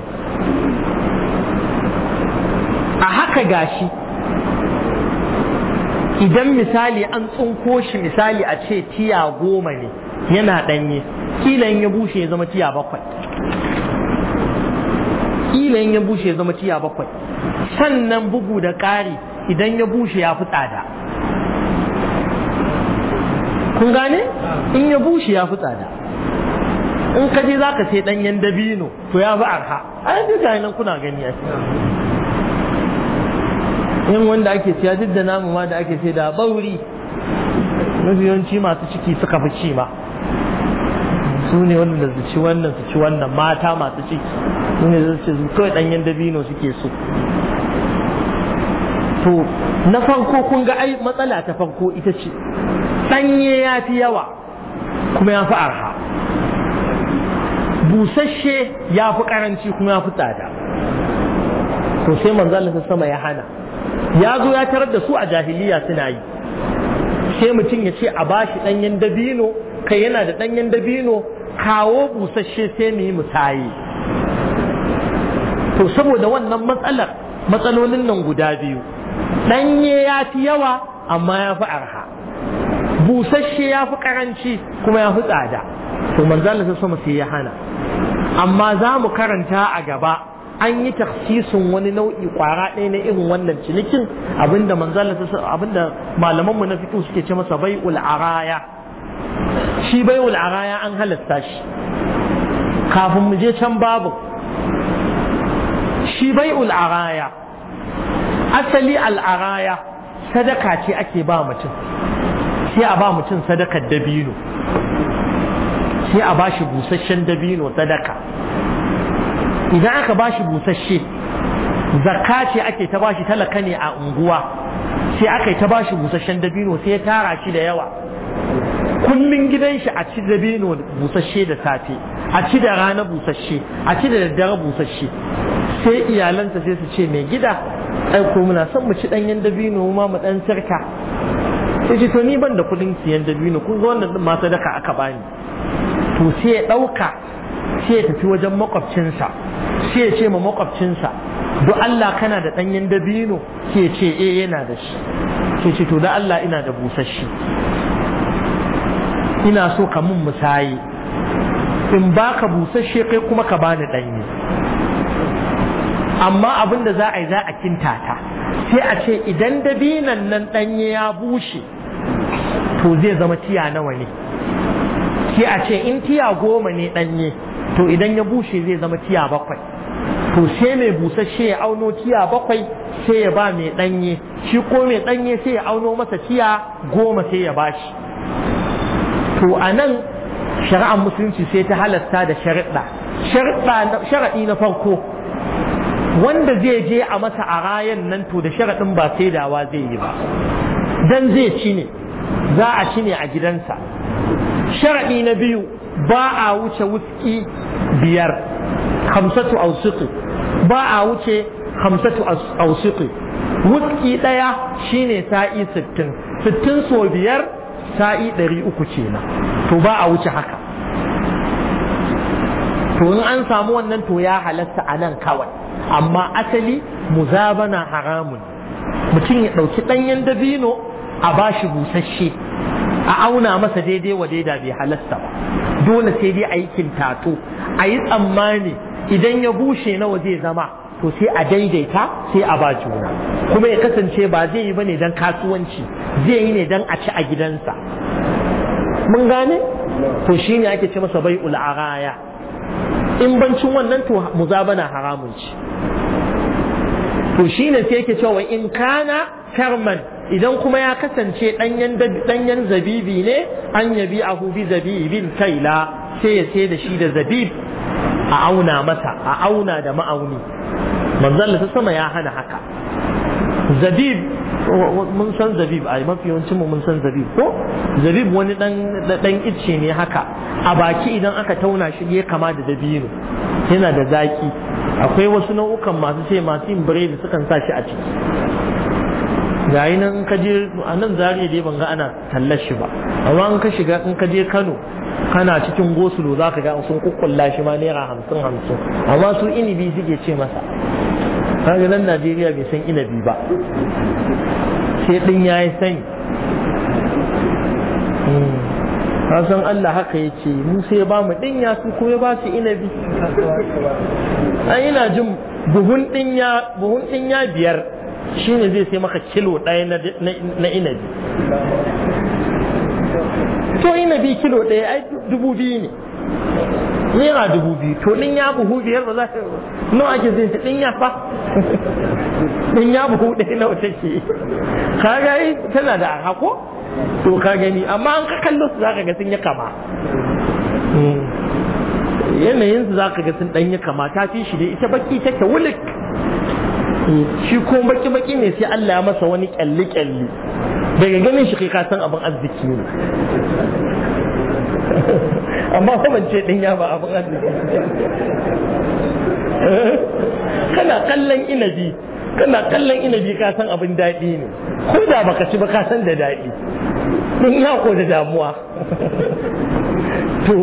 a haka gashi idan misali an tsunko shi misali a ce tiya goma ne yana ɗanye kilan ya bushe ya zama tiya bakwai kilan ya bushe ya zama tiya bakwai sannan bugu da ƙari idan ya bushe ya fi tsada kun gane in ya bushe ya fi tsada in ka je za ka sai danyen dabino to ya fi arha ai duk ga nan kuna gani a in wanda ake siya duk da namu ma da ake sai da bauri mafiyanci masu ciki suka fi ci ma su ne wanda su ci wannan su ci wannan mata masu ciki su ne su ce kawai danyen dabino suke so to na farko kun ga ai matsala ta farko ita ce ɗanye ya fi yawa kuma ya fi arha busasshe ya fi karanci kuma ya fi tsada to sai manzon Allah sama ya hana ya zo ya tarar da su a jahiliya suna yi sai mutum ya ce a bashi ɗanyen dabino kai yana da ɗanyen dabino kawo busasshe sai mu yi musayi to saboda wannan matsalar matsalolin nan guda biyu ɗanye ya fi yawa amma ya fi arha busasshe ya fi karanci kuma ya fi tsada to manzo Allah sama sai ya hana amma za mu karanta a gaba an yi taksisin wani nau'i kwara ɗaya na irin wannan cinikin abinda manzo Allah abinda malaman mu na fiqh suke ce masa araya shi bai'ul araya an halasta shi kafin mu je can babu shi bai'ul araya asali al'araya sadaka ce ake ba mutum sai a ba mutum sadakar dabino sai a ba shi busasshen dabino sadaka idan aka ba shi busasshe zakka ce ake ta ba shi talaka ne a unguwa sai aka yi ta ba shi busasshen dabino sai ya tara shi da yawa kullum gidan shi a ci dabino busasshe da safe a ci da rana busasshe a ci da daddare busasshe sai iyalanta sai su ce mai gida ai ko muna son mu ci danyen dabino ma mu dan sirka sai ce to ni ban da kudin siyan dabino kun ga wannan ma sadaka aka bani to sai ya dauka sai ya tafi wajen makwabcinsa sai ya ce ma makwabcinsa do Allah kana da ɗanyen dabino sai ce eh yana da shi sai ce to da Allah ina da busashi ina so ka mun musayi in baka busasshe kai kuma ka bani ɗanye amma abin da za a yi za a kinta ta sai a ce idan dabinan nan ɗanye ya bushe to zai zama tiya nawa ne sai a ce in tiya goma ne ɗanye to idan ya bushe zai zama tiya bakwai to sai mai busasshe ya auno tiya bakwai sai ya ba mai ɗanye shi ko mai ɗanye sai ya auno masa tiya goma sai ya bashi to a nan shari'ar musulunci sai ta halasta da shari'a sharaɗi na farko wanda zai je a masa a rayan nan to da sharaɗin ba sai dawa zai yi ba dan zai ci ne za a ci ne a gidansa sharaɗi na biyu ba a wuce wuski biyar hamsatu ba a wuce hamsatu ausuki wuski ɗaya shi ne sa'i sittin sittin so biyar sa'i ɗari uku na to ba a wuce haka to in an samu wannan to ya halatta a nan kawai amma asali mu na haramun mutum ya ɗauki ɗanyen dabino a ba shi busasshe a auna masa daidai wa daida bai halasta ba dole sai dai aikin tato a yi tsammani idan ya bushe nawa zai zama to sai a daidaita sai a ba juna kuma ya kasance ba zai yi bane don kasuwanci zai yi ne don a ci a gidansa mun gane to shine ake ce masa bai ul'araya in bancin wannan to mu muzabana haramun ci to shine sai yake cewa in kana karman idan kuma ya kasance ɗanyen zabibi ne an yabi a hubi zabibin kaila sai ya sai da shi da zabib a auna masa a auna da ma'auni manzalla ta sama ya hana haka zabib mun san zabib a mafi yawancin mu mun san zabib ko zabib wani ɗan ice ne haka a baki idan aka tauna shi ya kama da dabino yana da zaki akwai wasu nau'ukan masu ce masu yin biredi sukan sa shi a ciki Yayi nan ka je a nan zariya dai ban ga ana tallar shi ba amma in ka shiga in ka je kano kana cikin gosulo za ka ga sun kukkulla shi ma naira hamsin hamsin amma su inibi suke ce masa kaga nan najeriya bai san inibi ba sai din ya yi sani hmm. san allah haka ya ce mu sai ba mu dinya su kuma ba su inabi an ina jin buhun dinya biyar shi ne zai sai maka kilo ɗaya na inabi to inabi kilo ɗaya ai dubu biyu ne naira dubu biyu to ɗin ya buhu biyar ba za ka nawa ake zai ta ɗin ya fa ɗin ya buhu ɗaya nawa take ka gani tana da arha ko to ka gani amma an ka kallo su za ka ga sun yi kama hmm. yanayinsu za ka ga sun ɗan yi kama ta fi shi dai ita baki take wulik shi ko baki baki ne sai Allah ya masa wani kyalli kyalli daga ganin shi kai ka san abin arziki ne amma ko ban ce din ya ba abin arziki kana kallon inabi kana kallon inabi ka san abin daɗi ne ko da baka ci ba ka san da daɗi din ya ko da damuwa to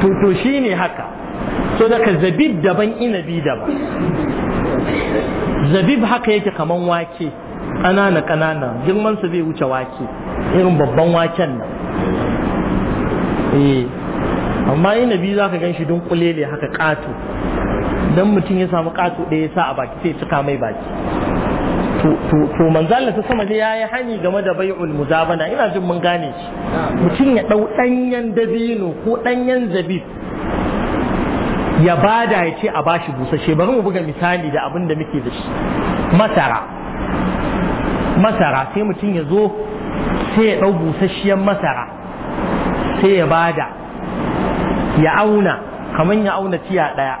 to to shine haka so daga zabi daban inabi daban zabib haka yake kaman wake ƙanana ƙanana girman su zai wuce wake irin babban waken nan eh amma inabi za ka gan shi kulele haka ƙato don mutum ya samu ƙato ɗaya yasa a baki sai cika mai baki to manzala ta sama ya yi hani game da bai'ul muzabana ina jin mun gane shi mutum ya ɗau ɗanyen dabino ko ɗanyen zabib ya bada ya ce a bashi busashe bari mu buga misali da abin da muke da shi masara masara sai mutum ya zo sai ya ɗau busasshiyar masara sai ya da ya auna kamar ya auna tiya ɗaya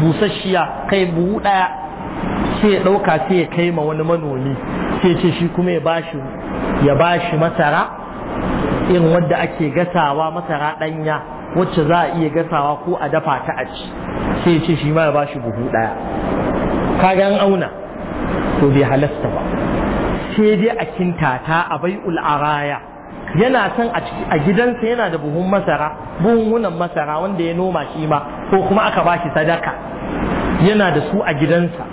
busasshiya kai buhu ɗaya sai ya ɗauka sai ya kai ma wani manomi sai ce shi kuma ya bashi ya bashi masara irin wadda ake gasawa masara ɗanya wacce za a iya gasawa ko a dafa ta a ci sai ce shi ma ya bashi buhu daya ga an auna to bai halasta ba sai dai a kintata a bai ul'araya yana son a gidansa yana da buhun masara buhunan masara wanda ya noma shi ma ko kuma aka bashi sadaka yana da su a gidansa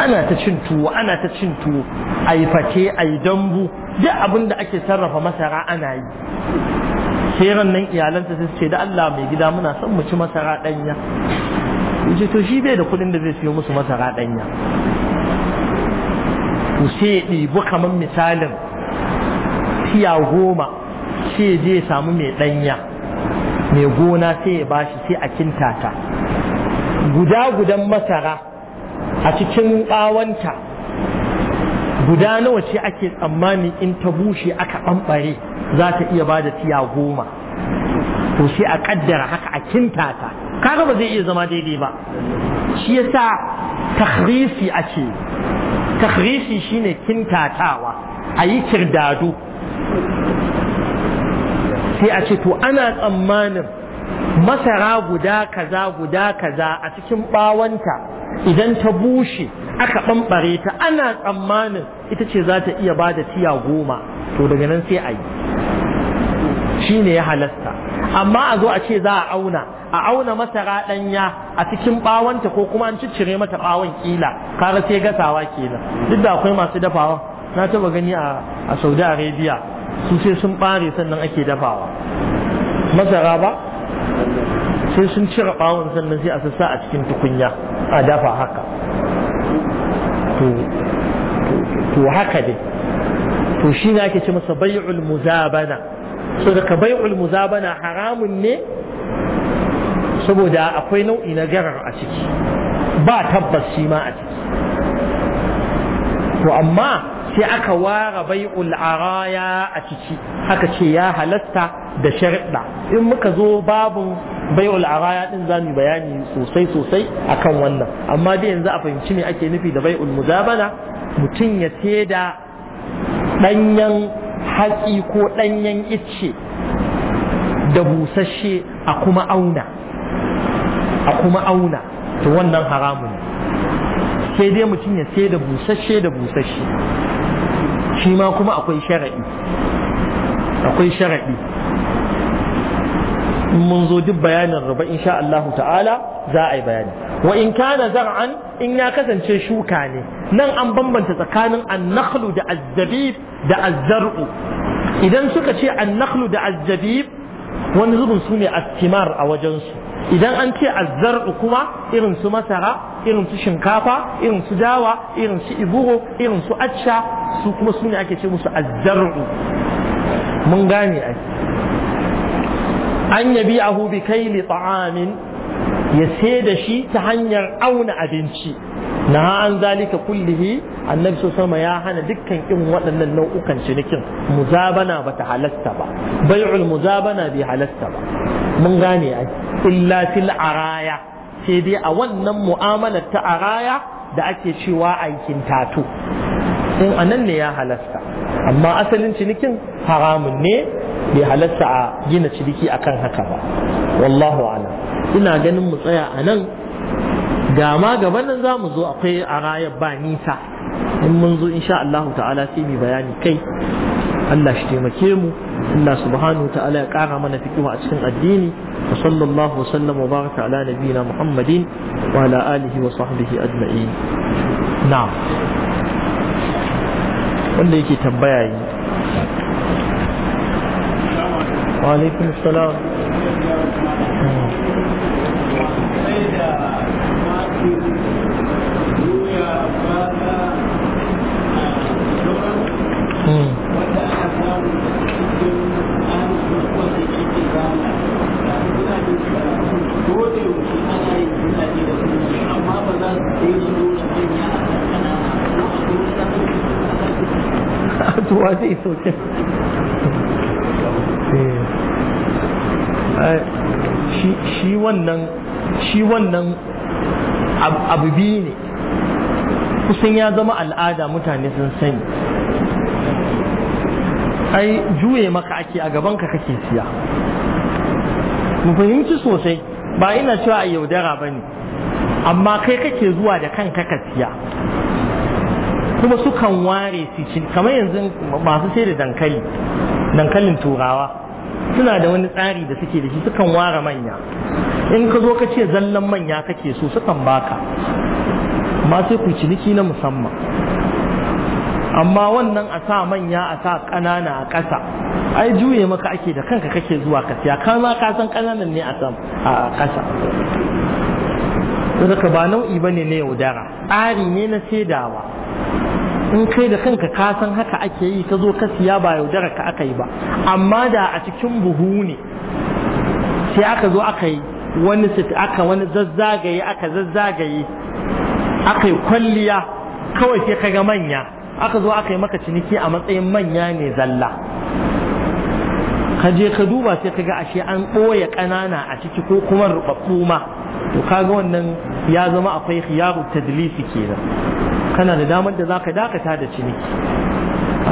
ana ta cin tuwo ana ta cin tuwo a yi fate a yi dambu duk abinda ake sarrafa masara ana yi sai ran nan iyalansa sai ce da Allah mai gida muna son mu ci masara danya yace to shi bai da kuɗin da zai siyo musu masara danya to sai kamar misalin tiya goma sai je samu mai danya mai gona sai ya bashi sai a kintata guda gudan masara a cikin ɓawanta guda nawa ce ake tsammani in ta bushe aka ɓamɓare za ta iya ba da tiya goma to sai a kaddara haka a kinta ta kaga ba zai iya zama daidai ba shi yasa takhrisi ake takhrisi shine kintatawa a yi kirdado sai a ce to ana tsammanin masara guda kaza guda kaza a cikin bawanta idan ta bushe aka ɓamɓare ta ana tsammanin ita ce za ta iya ba da tiya goma to daga nan sai a yi shine ya halasta amma a zo a ce za a auna a auna masara ɗanya a cikin ɓawanta ko kuma an ciccire mata ɓawon ƙila kaga sai gasawa kenan duk da akwai masu dafawa na taɓa gani a saudi arabia su sai sun ɓare sannan ake dafawa masara ba sai sun cire ɓawon sannan sai a sassa a cikin tukunya a dafa haka to haka dai to shi ne ake ce masa bai'ul muzabana so daga bai'ul muzabana haramun ne saboda akwai nau'i na garar a ciki ba tabbas shi ma a ciki to amma sai aka ware bai'ul araya a ciki aka ce ya halatta da shariɗa. in muka zo babun bai'ul araya din zamu bayani sosai sosai akan wannan amma dai yanzu a fahimci me ake nufi da bai'ul ulmuzabana mutum ya da ɗanyen hatsi ko ɗanyen icce da busasshe a kuma auna a kuma auna to wannan haramun sai dai mutum ya sai da busasshe da busasshe shi ma kuma akwai shara'i akwai shara'i mun zo duk bayanin raba insha Allah ta'ala za a yi bayani wa in kana zar'an in ya kasance shuka ne nan an bambanta tsakanin annakhlu da azzabib da azzar'u idan suka ce annakhlu da azzabib wani zubin su ne astimar a wajensu idan an ce azzar'u kuma irin su masara irin su shinkafa irin su dawa irin su iburo irin su acca su kuma su ne ake ce musu azzar'u mun gane ai an yabi ahu bi kaili ta'amin ya sai da shi ta hanyar auna abinci na an zalika kullihi annabi so sama ya hana dukkan irin waɗannan nau'ukan cinikin muzabana ba ta halasta ba bai'ul muzabana bai halasta ba mun gane ai illa fil araya sai dai a wannan mu'amalar ta araya da ake cewa aikin tatu in anan ne ya halasta amma asalin cinikin haramun ne bai halasta a gina ciniki akan haka ba wallahu a'lam ina ganin mu tsaya a nan ga ma gaban nan za mu zo akwai a rayar ba nisa in mun zo insha Allah ta'ala sai mu bayani kai Allah shi taimake mu Allah subhanahu ta'ala ya kara mana fikihu a cikin addini wa sallallahu wa sallam wa baraka ala nabiyina Muhammadin wa ala alihi wa sahbihi ajma'in na'am wanda yake tambaya yi wa alaikum assalam tuwa zai soke eh. shi wannan shi wannan abu biyu ne kusan ya zama al'ada mutane sun sani ai juye maka ake a gabanka kake siya mu fahimci sosai ba ina cewa a yaudara ba ne amma kai kake zuwa da kanka ka siya kuma sukan ware su kamar yanzu masu sai da dankali dankalin turawa suna da wani tsari da suke da shi sukan ware manya in ka zo ka ce zallan manya kake so sukan baka amma sai ku ciniki na musamman amma wannan a sa manya a sa ƙanana a ƙasa ai juye maka ake da kanka kake zuwa ka siya ka ma ka san ƙananan ne a ƙasa ka ba nau'i bane na yaudara tsari ne na saidawa in kai da kanka ka san haka ake yi ka zo ka siya ba yaudara ka aka yi ba amma da a cikin buhu ne sai aka zo aka yi wani sit aka wani zazzagaye aka zazzagaye aka yi kwalliya kawai sai kaga manya aka zo aka yi maka ciniki a matsayin manya ne zalla kaje ka duba sai kaga ashe an ɓoye ƙanana a ciki ko kuma rubabbu ma to kaga wannan ya zama akwai khiyaru tadlisi kenan kana da damar da zaka dakata da ciniki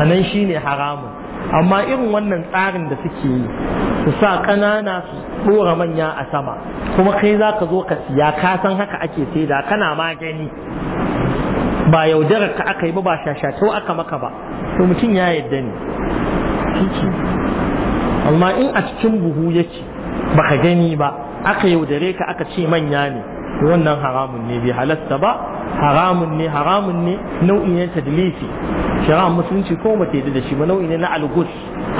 anan shine haramun amma irin wannan tsarin da suke yi su sa ƙanana su ɗora manya a sama kuma kai za ka zo ka siya ka san haka ake sai da kana magani ba yaudarar ka aka yi ba ba shato aka maka ba to mutum ya yadda ne amma in a cikin buhu yake ka gani ba aka yaudare ka aka ce manya ne to wannan haramun ne bai halatta ba haramun ne haramun ne nau'i ne tadlisi shari'a musulunci ko ba ta da shi ba nau'i ne na algus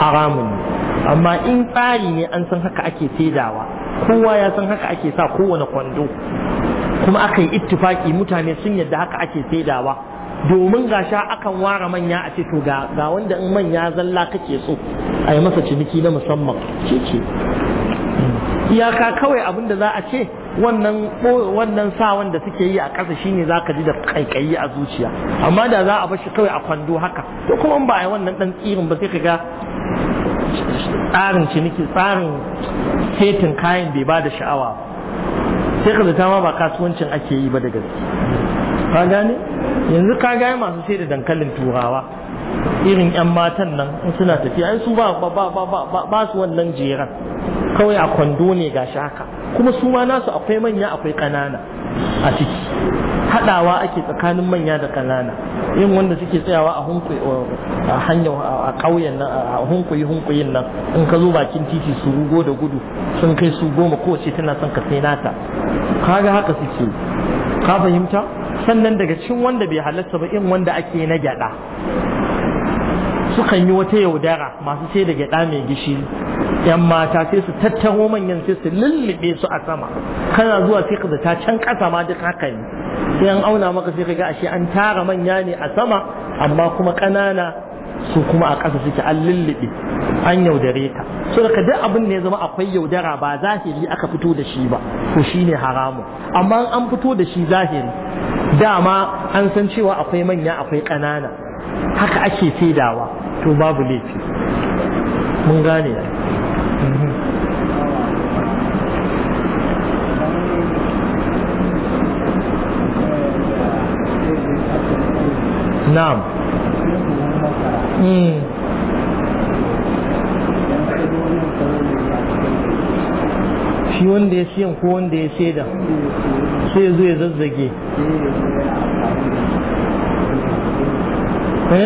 haramun ne amma in tsari ne an san haka ake saidawa kowa ya san haka ake sa kowane kwando kuma aka yi ittifaki mutane sun yadda haka ake saidawa domin ga sha akan ware manya a ce to ga wanda in manya zalla kake so a yi masa ciniki na musamman ce iyaka kawai abin da za a ce wannan wannan sawan da suke yi a ƙasa shine za ka ji da kaikayi a zuciya amma da za a bar kawai a kwando haka to kuma ba a yi wannan ɗan tsirin ba sai ka ga tsarin ciniki tsarin setin kayan bai ba da sha'awa sai ka zata ma ba kasuwancin ake yi ba da gaske ka gane yanzu ka gaya masu sai da dankalin turawa irin 'yan matan nan in suna tafiya ai su ba ba su wannan jeran kawai a kwando ne ga haka kuma su ma nasu akwai manya akwai ƙanana a ciki haɗawa ake tsakanin manya da kanana yin wanda suke tsayawa a a hanyar a ƙauyen nan a hunkuyi hunkuyin nan in ka zo bakin titi su rugo da gudu sun kai su goma ko ce tana son ka sai nata kaga haka suke ka fahimta sannan daga cikin wanda bai halatta ba in wanda ake na gyada sukan yi wata yaudara masu sai da gyaɗa mai gishi. yan mata sai su tattaro manyan sai su lullube su a sama kana zuwa sai ka ta can kasa ma duk haka ne sai an auna maka sai ka ga ashe an tara manya ne a sama amma kuma ƙanana su kuma a ƙasa suke an lullube an yaudare ka so da duk abin da ya zama akwai yaudara ba zahiri aka fito da shi ba to shine haramun amma an fito da shi zahiri dama an san cewa akwai manya akwai ƙanana haka ake saidawa to babu laifi mun gane na'am hmm. shi wanda ya siyan ko wanda ya sai da sai ya zo ya zazzage Masu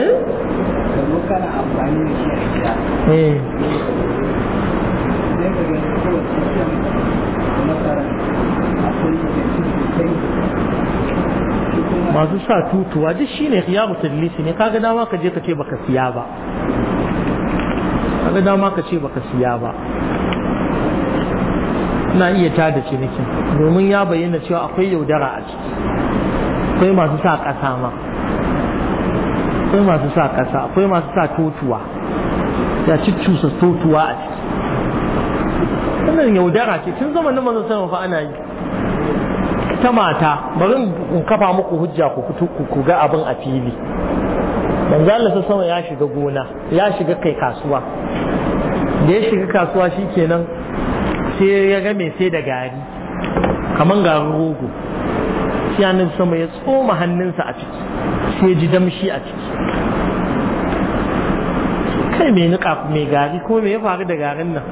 sa tutuwa. da shi masu sa tutuwa duk shine khiyamu tadlisi ne kaga dama ka je ka ce baka siya ba kaga dama ka ce baka siya ba na iya tada cinikin domin ya bayyana cewa akwai yaudara a ciki akwai masu sa ƙasa ma akwai masu sa kasa akwai masu sa totuwa ya cusa totuwa a ciki wannan yaudara ce tun zamanin nan mazan fa ana yi ta mata bari in kafa muku hujja ku fito ku ga abin a fili manzo Allah sama ya shiga gona ya shiga kai kasuwa da ya shiga kasuwa shikenan sai ya ga mai sai da gari kamar garin rogo sai sama ya tsoma hannunsa a ciki sai ji damshi a ciki kai mai niƙa mai gari ko mai ya faru da garin nan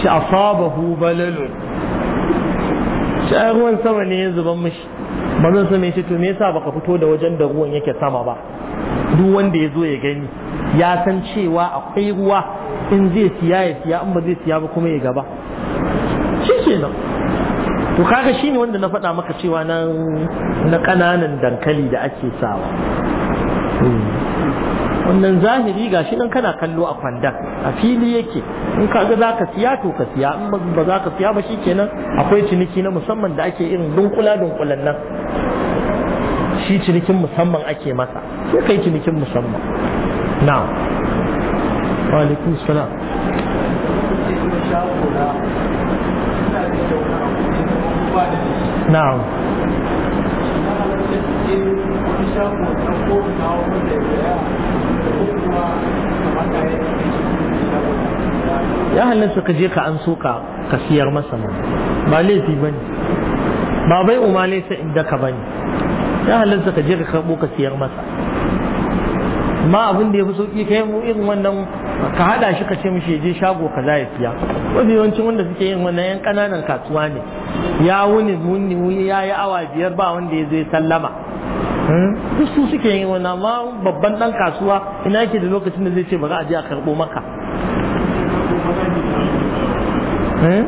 shi hu balalun shi ruwan sama ne ya zuban mishi manzon sama ya ce to me yasa baka fito da wajen da ruwan yake sama ba duk wanda ya zo ya gani ya san cewa akwai ruwa in zai siya ya siya in ba zai siya ba kuma ya gaba shi kenan to kaga shine wanda na faɗa maka cewa nan na ƙananan dankali da ake sawa hmm. wannan zahiri ga shi nan kana kallo a kwandan a fili yake in ka ga za ka siya to ka siya in ba za ka siya ba shi kenan akwai ciniki na musamman da ake irin dunkula dunkulan nan shi cinikin musamman ake masa sai kai cinikin musamman na wa alaikum salam na'am ya halatta ka je ka an suka ka siyar masa ma ba laifi ba ne ba bai umarai sa inda ka ba ne ya halatta ka je ka karɓo ka siyar masa ma abin da ya fi sauƙi ka yi irin wannan ka haɗa shi ka ce mishi je shago ka za ya siya mafi yawancin wanda suke yin wannan yan ƙananan kasuwa ne ya wuni wuni wuni ya yi awa biyar ba wanda ya zai sallama hmm? duk su suke yi wani amma babban dan kasuwa ina yake da lokacin da zai ce bari a je a karɓo maka hmm?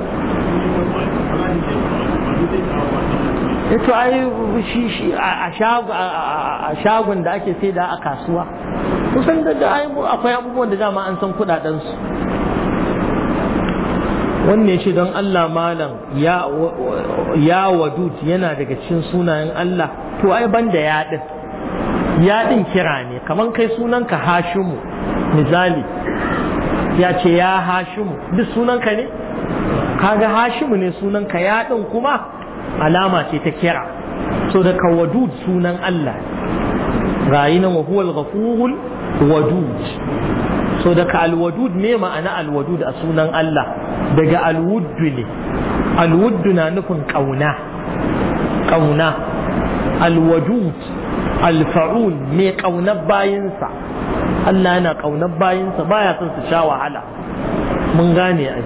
eh to ai shi a shagun da ake sai da a kasuwa kusan da akwai abubuwan da dama an san kudaden su wannan shi don Allah malam ya wadud yana daga cikin sunayen Allah to ai banda ya din ya din kira ne kaman kai sunanka Hashimu misali ya ce ya Hashimu duk sunanka ne kaga Hashimu ne sunanka ya din kuma alama ce ta kira so daga wadud sunan Allah rayinan wa huwal ghafurul wadud so daga alwadud me ma'ana alwadud a sunan Allah daga alwuddu ne alwuddu na nufin ƙauna ƙauna alwadud alfa'ul ne ƙaunar bayinsa Allah yana ƙaunar bayinsa baya son su sha wahala mun gane ai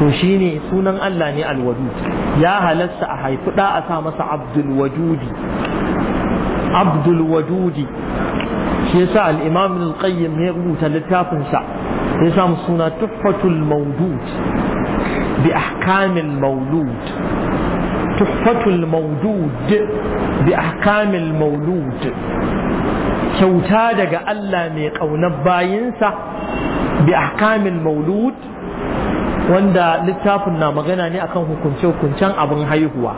to shine sunan Allah ne alwadud ya halasta a haifi da a sa masa abdul wajudi Abdulwadudi wadudi shi yasa al-imam ya rubuta littafin sa ya suna tuhfatul mawdud bi ahkamil mawlud tuhfatul mawdud bi ahkamil mawlud kyauta daga Allah mai ƙaunar bayinsa bi ahkamil mawlud wanda littafin na magana ne akan hukunce-hukuncen abin haihuwa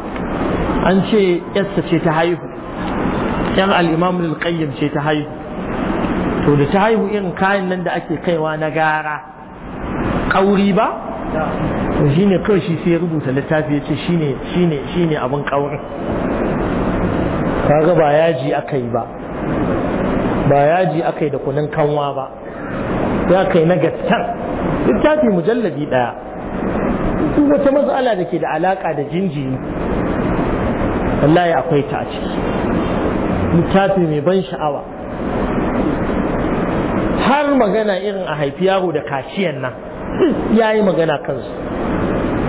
an ce 'yarsa ce ta haihu yan al-imam al ce ta haihu to da ta haihu irin kayan nan da ake kaiwa na gara kauri ba to ne kawai shi sai rubuta littafi ya ce shine shine shine abin kaurin kaga ba yaji aka yi ba ba yaji aka yi da kunin kanwa ba ya kai na gaskan littafi mujalladi ɗaya. duk wata matsala da ke da alaƙa da jinjiri wallahi akwai ta a ciki littafi mai ban sha'awa har magana irin a haifi yaro da kaciyan nan ya yi magana kansu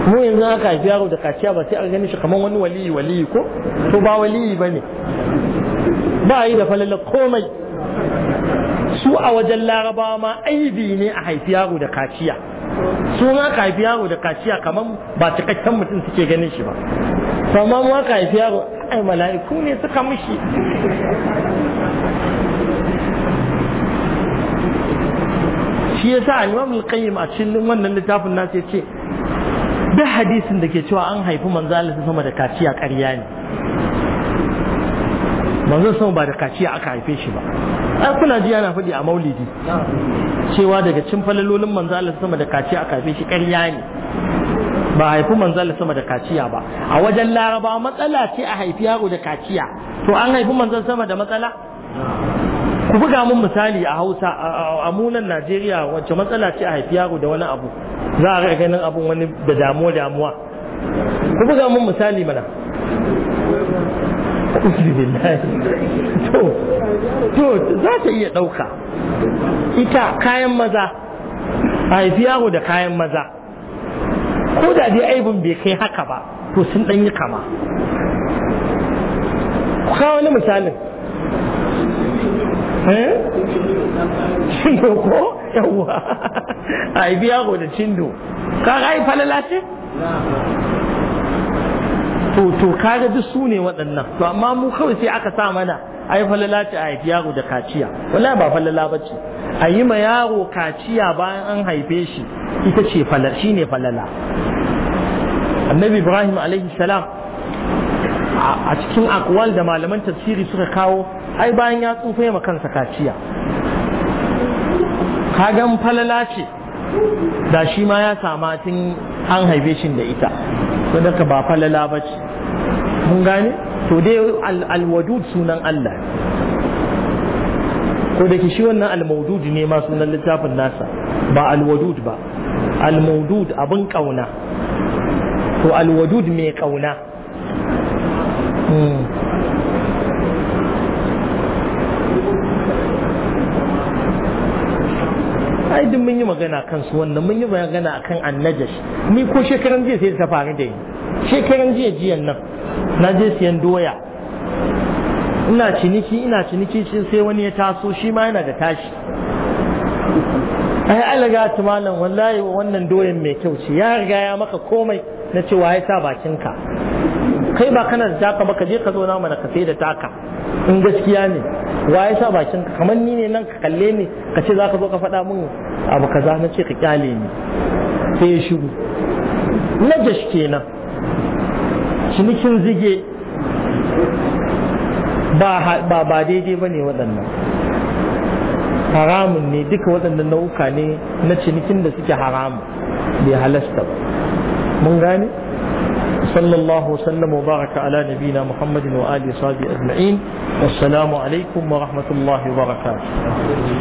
mu yanzu aka haifi yaro da kaciya ba sai a gani shi kamar wani waliyi waliyi ko to ba waliyi ba ne ba yi da falala komai su a wajen larabawa ma aibi ne a haifi yaro da kaciya su ma ka haifi yaro da kaciya kamar ba cikakken mutum suke ganin shi ba amma ma ka haifi yaro ai mala'iku ne suka mushi shi ya sa imam al-Qayyim a cikin wannan littafin ya ce duk hadisin da ke cewa an haifi manzo Allah sama da kaciya ƙarya ne manzo sama ba da kaciya aka haife shi ba ai kuna ji yana faɗi a maulidi cewa daga cin falalolin manzo Allah sama da kaciya aka haife shi ƙarya ne ba haifi manzala sama da kaciya ba a wajen laraba matsala ce a haifi yaro da kaciya to an haifi manzal sama da matsala ku buga mun misali a hausa a munan najeriya wacce matsala ce a haifi yaro da wani abu za a ganin abun wani da damuwa damuwa ku buga mun misali mana to za ta iya ɗauka ita kayan maza a haifi yaro da kayan maza ko da dai aibin bai kai haka ba to sun ɗan yi kama ku kawo wani misalin cindo eh? ko yawwa a yi biya da cindo ka ga yi falala ce to to ka ga duk su ne waɗannan to amma mu kawai sai aka sa mana ai falala ce a biya yaro da kaciya wala ba falala ba ce a yi ma yaro kaciya bayan an haife shi ita ce falala shi ne falala annabi ibrahim alaihi salam a cikin akwal da malaman tafsiri suka kawo ai bayan ya tsufa ma kansa kaciya kagan falala ce da shi ma ya sama tun an haife shi da ita sadaka ba falala ba ce mun gane to dai alwadud sunan Allah ko da shi wannan al almaudud ne ma sunan littafin nasa ba al al-wadud ba al almaudud abin kauna to al-wadud mai kauna hmm. ai duk mun yi magana kan su wannan mun yi magana akan annajash ni ko shekaran jiya sai ta faru da ni shekaran jiya jiyan nan na je siyan doya ina ciniki ina ciniki sai wani ya taso shi ma yana da tashi ai alaga ta malam wallahi wannan doyan mai kyau ce ya riga ya maka komai na ce wa ya sa bakinka kai ba kana da taka ba ka je ka zo na mana ka sai da taka in gaskiya ne wa ya sa bakinka kamar ni ne nan ka kalle ni ka ce za ka zo ka faɗa min abu kaza na ce ka kyale ni sai ya shigo najash kenan cinikin zige ba ba daidai ba ne waɗannan haramun ne duka waɗannan nau'uka ne na cinikin da suke haramun bai halasta ba mun gane sallallahu wasallam wa baraka ala nabina muhammadin wa ali sahbi ajma'in assalamu alaikum wa rahmatullahi wa barakatuh